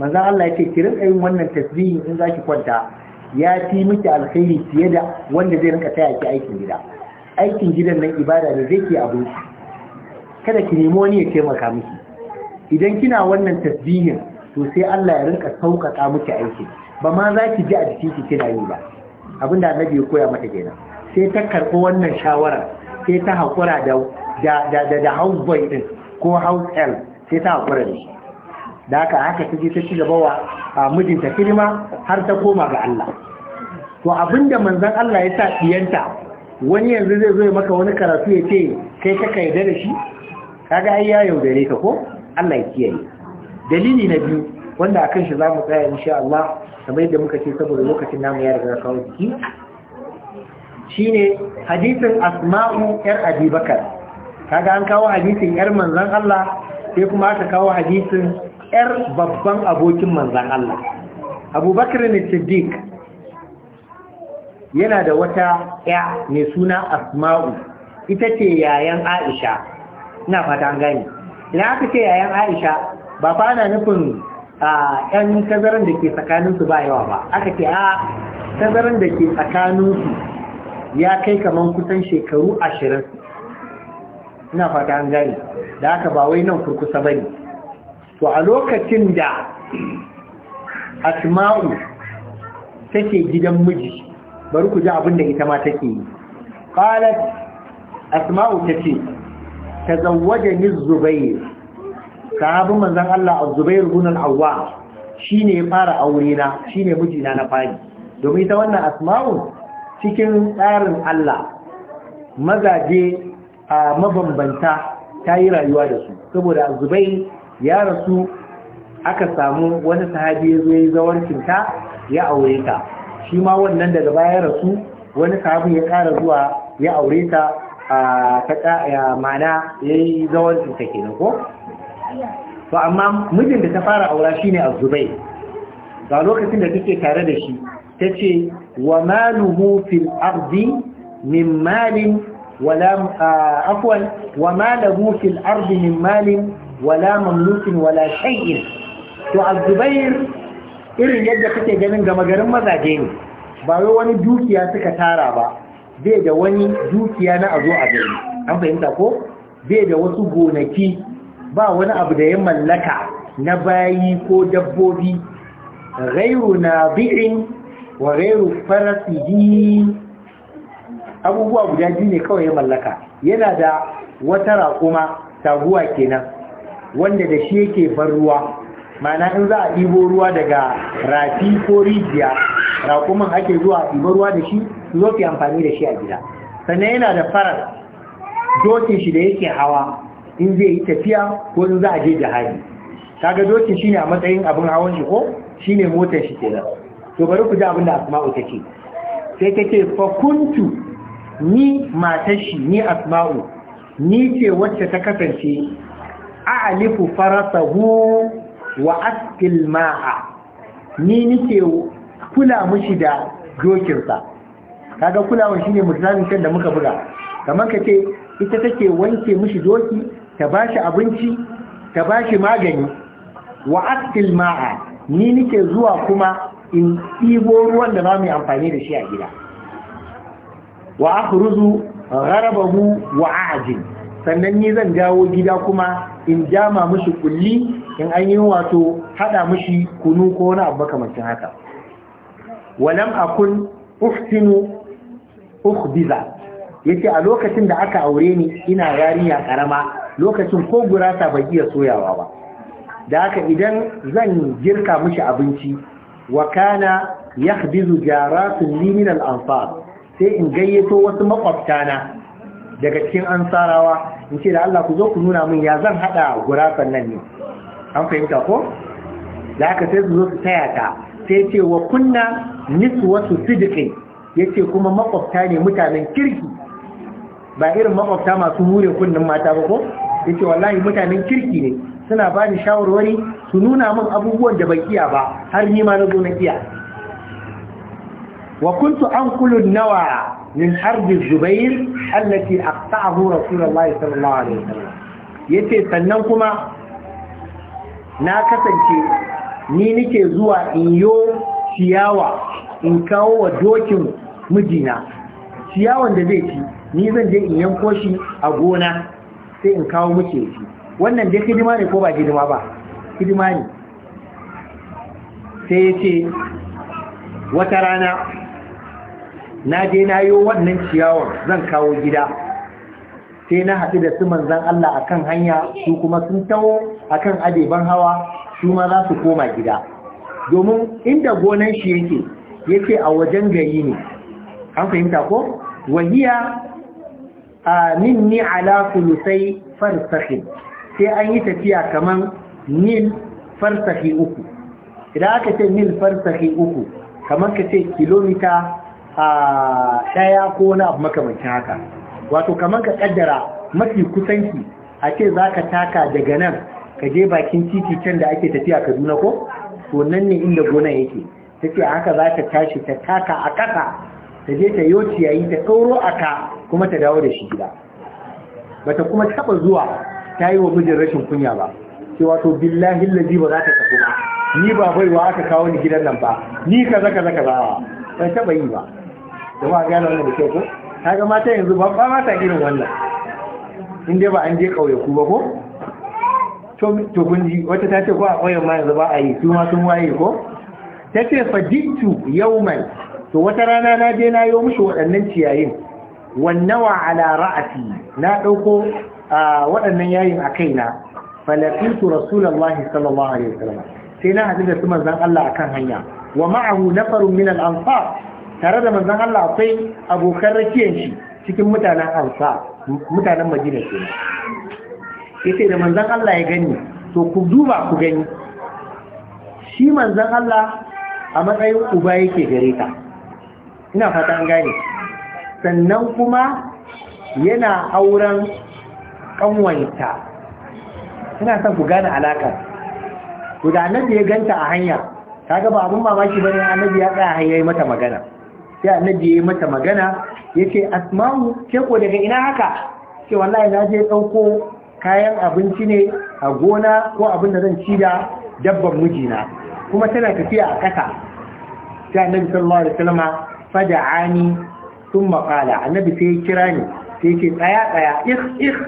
Speaker 1: manzon Allah yake ki rinka yin wannan tasbihin in zaki kwanta ya fi miki alkhairi fiye da wanda zai rinka taya ki aikin gida aikin gidan nan ibada ne zai ke abinci kada ki nemo wani ya taimaka miki idan kina wannan tasbihin to sai Allah ya rinka saukaka miki aiki ba ma za ki ji a jikin ki kina yi ba abin da annabi ya koya mata kenan sai ta karɓi wannan shawara sai ta haƙura da da da da house boy din ko house elf sai ta haƙura da shi da haka haka ta je ta ci gaba wa mijinta firma har ta koma ga Allah to abinda manzon Allah ya sa diyanta wani yanzu zai zo maka wani karatu ya ce kai ka kaida da shi kaga ai ya yaudare ka ko Allah ya kiyaye dalili na biyu wanda akan shi zamu tsaya insha Allah kamar yadda muka ce saboda lokacin namu ya riga kawo jiki shine hadisin Asma'u yar Abi Bakar kaga an kawo hadisin yar manzon Allah sai kuma aka kawo hadisin yar babban abokin manzon Allah Abubakar ne Siddiq yana da wata ya mai suna Asma'u ita ce yayan Aisha ina fata an gane ina aka ce yayan aisha ba fa nufin a yan tazaran da ke tsakaninsu ba yawa ba aka ce a tazaran da ke tsakaninsu ya kai kamar kusan shekaru ashirin ina fata an gani da aka ba wai nan kurkusa ba ne to a lokacin da asma'u take gidan miji bari ku ji abin da ita ma take yi qalat asma'u tace tazawwajani ni zubair sahabin manzon Allah a zubair ibn al-awwam shine ya fara aure na shine mijina na fari domin ita wannan asma'u cikin tsarin Allah mazaje a mabambanta ta yi rayuwa da su saboda zubair ya rasu aka samu wani sahabi ya zo ya yi zawarcinta ya aure ta shi ma wannan daga baya rasu wani sahabi ya ƙara zuwa ya aure ta ta mana ya yi zawon ta nan ko? to amma mijin da ta fara aura shine azubai ga lokacin da take tare da shi ta ce wa maluhu fil ardi min malin wala afwan wa maluhu fil ardi min malin wala mamlukin wala shay'in to azubair irin yadda kake ganin gama garin mazaje ne ba wai wani dukiya suka tara ba Zai da wani dukiya na azo a gari an fahimta ko Zai da wasu gonaki ba wani abu da ya mallaka na bayi ko dabbobi ghairu nabi'in wa ghairu farasihi abubuwa guda biyu ne kawai ya mallaka yana da wata raƙuma taguwa kenan wanda da shi yake bar ruwa ma'ana in za a ɗibo ruwa daga rafi ko rijiya raƙuman ake zuwa a ɗibo ruwa da shi su zo ki amfani da shi a gida sannan yana da farar dokin shi da yake hawa in zai yi tafiya ko in za a je hari kaga dokin shine a matsayin abin hawan shi ko Shi ne motar shi kenan to bari ku ji abin da asma'u ta ce sai ce fa kuntu ni matar shi ni asma'u ni ce wacce ta kasance a'alifu farasahu wa askil ma'a ni nike kula mushi da dokinsa kaga kulawan shine misalin can da muka buga kamar ka ce ita take wanke mishi doki ta bashi abinci ta bashi magani wa aqil ma'a ni nike zuwa kuma in ɗibo ruwan da zamu yi amfani da shi a gida wa akhruzu gharabahu wa ajin sannan ni zan dawo gida kuma in jama mishi kulli in an yi wato hada mishi kunu ko wani abu makamancin haka walam akun uhtinu ukhbiza yace a lokacin da aka aure ni ina yarinya karama lokacin ko gurasa ban iya soyawa ba da haka idan zan girka mishi abinci wa kana yakhbizu jaratun li min al anfar sai in gayyato wasu makwabtana daga cikin ansarawa in ce da Allah ku zo ku nuna min ya zan hada gurasan nan ne an fahimta ko da haka sai su zo su taya ta sai ce wa kunna niswatu sidiqin yace kuma makwabta ne mutanen kirki ba irin makwabta masu hure kunnen mata ba ko ce wallahi mutanen kirki ne suna ba ni shawarwari su nuna min abubuwan da ban iya ba har nima na zo na iya wa kuntu anqulu nawa min harbi zubair allati aqta'ahu rasulullahi sallallahu alaihi wasallam yace sannan kuma na kasance ni nike zuwa in yo ciyawa in kawo wa dokin mijina ciyawan da zai ci ni zan je in yanko shi a gona sai in kawo muke shi wannan dai hidima ne ko ba hidima ba hidima ne sai ya ce wata rana na je na yi wannan ciyawar zan kawo gida sai na haɗu da su manzan Allah a kan hanya su kuma sun taho a kan adeban hawa su ma za su koma gida domin inda gonan shi yake yace a wajen gari ne an fahimta ko wahiya a minni ala kulusai Farsafi sai an yi tafiya kaman mil Farsafi uku idan aka ce mil Farsafi uku kamar ka ce kilomita a ɗaya ko wani abu makamancin haka wato kamar ka ƙaddara mafi kusanci a ce za ka taka daga nan ka je bakin titi can da ake tafiya kaduna ko sonan ne inda gona yake ta ce haka za ta tashi ta taka a ƙasa ta je ta yo ciyayi ta kauro a ka kuma ta dawo da shi gida ba ta kuma taɓa zuwa ta yi wa mijin rashin kunya ba ce wato billahi lazi ba za ta tafi ba ni ba wa aka kawo ni gidan nan ba ni kaza kaza kaza ba ban taɓa yi ba jama'a ga wannan da kyau ko kaga mata yanzu ba ba mata irin wannan in dai ba an je kauye ku ba ko to kun ji wata ta ce ko a ƙauyen ma yanzu ba a yi su ma sun waye ko ta ce yau mai, to wata rana na je na yo mushi waɗannan ciyayin wannawa ala ra'ati na ɗauko waɗannan yayin a kaina falakitu rasulullahi sallallahu alaihi wasallam sai na haɗu da su manzan Allah akan hanya wa ma'ahu nafarun min al tare da manzan Allah akwai abokan rakiyan shi cikin mutanen ansar mutanen Madina kenan yace da manzan Allah ya gani to ku duba ku gani shi manzan Allah a matsayin uba yake gare ta ina fata an gane sannan kuma yana auren kanwanta ina son ku gane alakar ku da annabi ya ganta a hanya kaga ba abun mamaki bane annabi ya tsaya yayi mata magana sai annabi yayi mata magana yace asma'u ke ko daga ina haka ke wallahi na je dauko kayan abinci ne a gona ko abin da zan ci da dabban mijina kuma tana tafiya a ƙasa sai annabi sallallahu alaihi fada'ani thumma qala annabi sai ya kira ni sai ce tsaya tsaya ikh ikh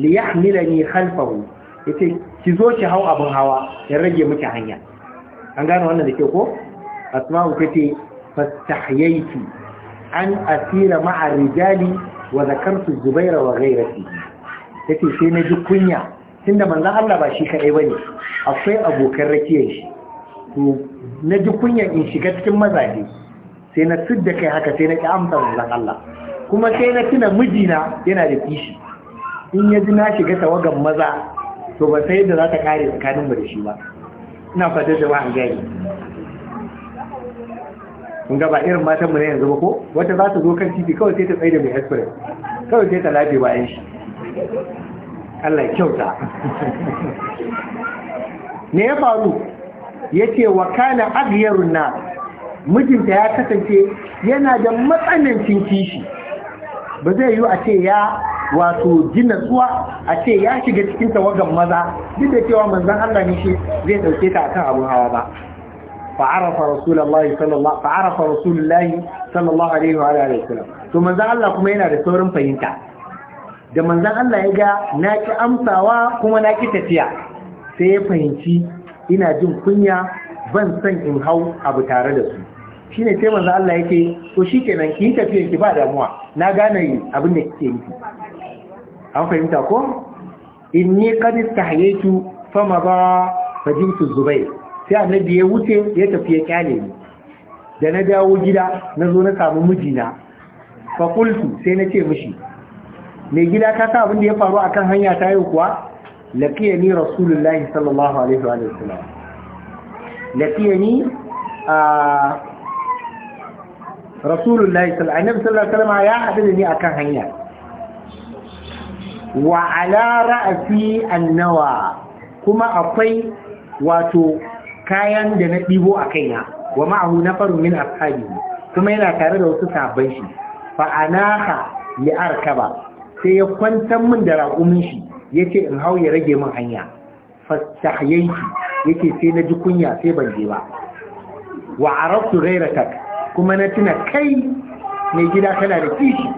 Speaker 1: li yahmilani khalfahu yace ki zo ki hau abin hawa ya rage miki hanya an gano wannan da ke ko asma'u tace fastahyaytu an asira ma'a rijali wa zakartu zubaira wa ghayrati yace sai na ji kunya tunda manzon Allah ba shi kadai bane akwai abokan rakiyar shi na ji kunyar in shiga cikin mazaje sai na da kai haka sai na ki amsa manzon Allah kuma sai na tuna mijina yana da kishi in ya ji na shiga tawagan maza to ba sai da za ta kare tsakanin mu da shi ba ina fata jama'an gari kun ga ba irin matan mu ne yanzu ba ko wata za ta zo kan titi kawai sai ta tsaye da mai aspirin kawai sai ta lafe bayan shi Allah ya kyauta me ya faru yake wa kana aghyarun na mijinta ya kasance yana da matsanancin kishi ba zai yi a ce ya wato ji zuwa a ce ya shiga cikin tawagan maza duk da cewa manzan Allah ne shi zai dauke ta akan abin hawa ba fa'arafa rasulullahi sallallahu fa'arafa sallallahu alaihi wa alihi wasallam to manzan Allah kuma yana da saurin fahimta da manzon Allah ya ga na ki amsawa kuma na ki tafiya sai ya fahimci ina jin kunya ban san in hau abu tare da su shine sai manzo Allah yake to nan ki tafiyan ki ba damuwa na gane abin da kike yi an fahimta ko inni qad istahyaytu fama ba fajintu zubayr sai annabi ya wuce ya tafi ya kyale ni da na dawo gida na zo na samu mijina fa qultu sai na ce mishi mai gida ka sa abin da ya faru akan hanya ta yau kuwa لقيني رسول الله صلى الله عليه وآله وسلم لقيني آه رسول الله صلى الله عليه وسلم يا حدثني أكان هنيا وعلى رأسي النوى كما أطي واتو كاين دنبيبو أكينا ومعه نفر من أصحابه كما ينا كارد وسطع بيشي فأناخ لأركب سيكون تمن درعومشي yace in hau ya rage min hanya Ya ce sai na ji kunya sai ban je ba wa araftu ghairatak kuma na tuna kai mai gida kana da kishi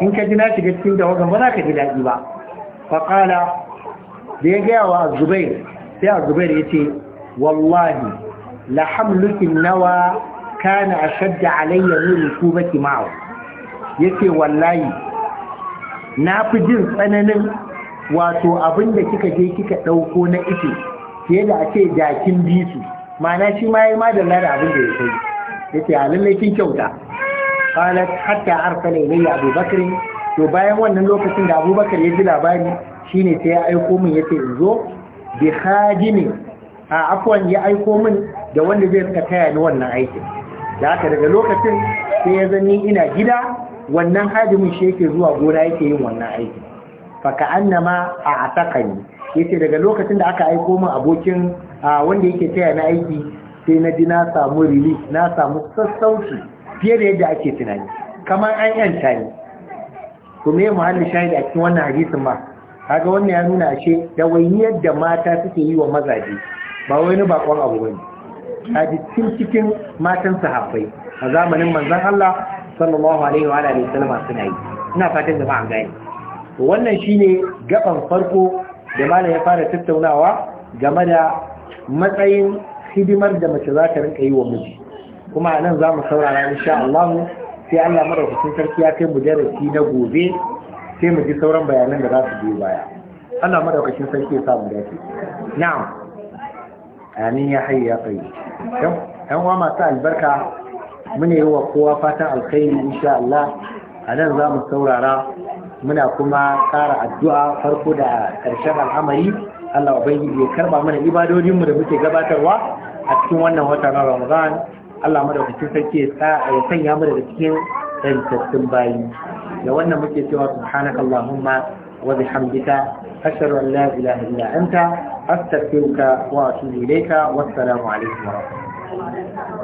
Speaker 1: in ka ji na shiga cikin dawagan ba za ka ji daɗi ba faƙala da ya gaya wa zubair sai a zubair ya ce wallahi la hamlukin nawa kana a shadda alayya nuru ku baki ma'au ya ce wallahi na fi jin tsananin wato abin da kika je kika ɗauko na ice fiye da a ce jakin bisu ma'ana shi ma yi ma da lara abin da ya kai ya ce halin laifin kyauta qalat hatta ne ya Abu Bakr to bayan wannan lokacin da Abu Bakr ya ji labari shi ne sai ya aiko min ya ce in zo bi ne. a afuwan ya aiko min da wanda zai suka taya ni wannan aikin da haka daga lokacin sai ya zanni ina gida wannan hadimin shi yake zuwa gona yake yin wannan aikin faka annama a asakani yace daga lokacin da aka aiko min abokin wanda yake taya na aiki sai na ji na samu relief na samu sassauci fiye da yadda ake tunani kamar an yanta ni ku me muhalli shahidi a cikin wannan hadisin ma kaga wannan ya nuna ashe dawainiyar da mata suke yi wa mazaje ba wani bakon abu bane A cikin cikin matan sahabbai a zamanin manzon Allah sallallahu alaihi wa alihi wasallam suna yi ina fatan jama'a gani to wannan shine gaban farko da malam ya fara tattaunawa game da matsayin hidimar da mace za ta rinka yi wa miji kuma a nan za mu saurara insha Allah sai Allah madaukakin sarki ya kai mu darasi na gobe sai mu ji sauran bayanan da za su biyo baya Allah madaukakin sarki ya mu dace na'am amin ya hayya kai yan uwa masu albarka mun yi wa kowa fatan alkhairi insha Allah a nan za mu saurara muna kuma ƙara addu'a farko da ƙarshen al'amari Allah ubangiji ya karba mana ibadodinmu da muke gabatarwa a cikin wannan watan Ramadan Allah madaukakin sarki ya sanya mu da cikin dantattun bayi da wannan muke cewa subhanaka allahumma wa bihamdika ashhadu an la ilaha illa anta astaghfiruka wa atubu ilayka wassalamu alaikum wa
Speaker 2: rahmatullahi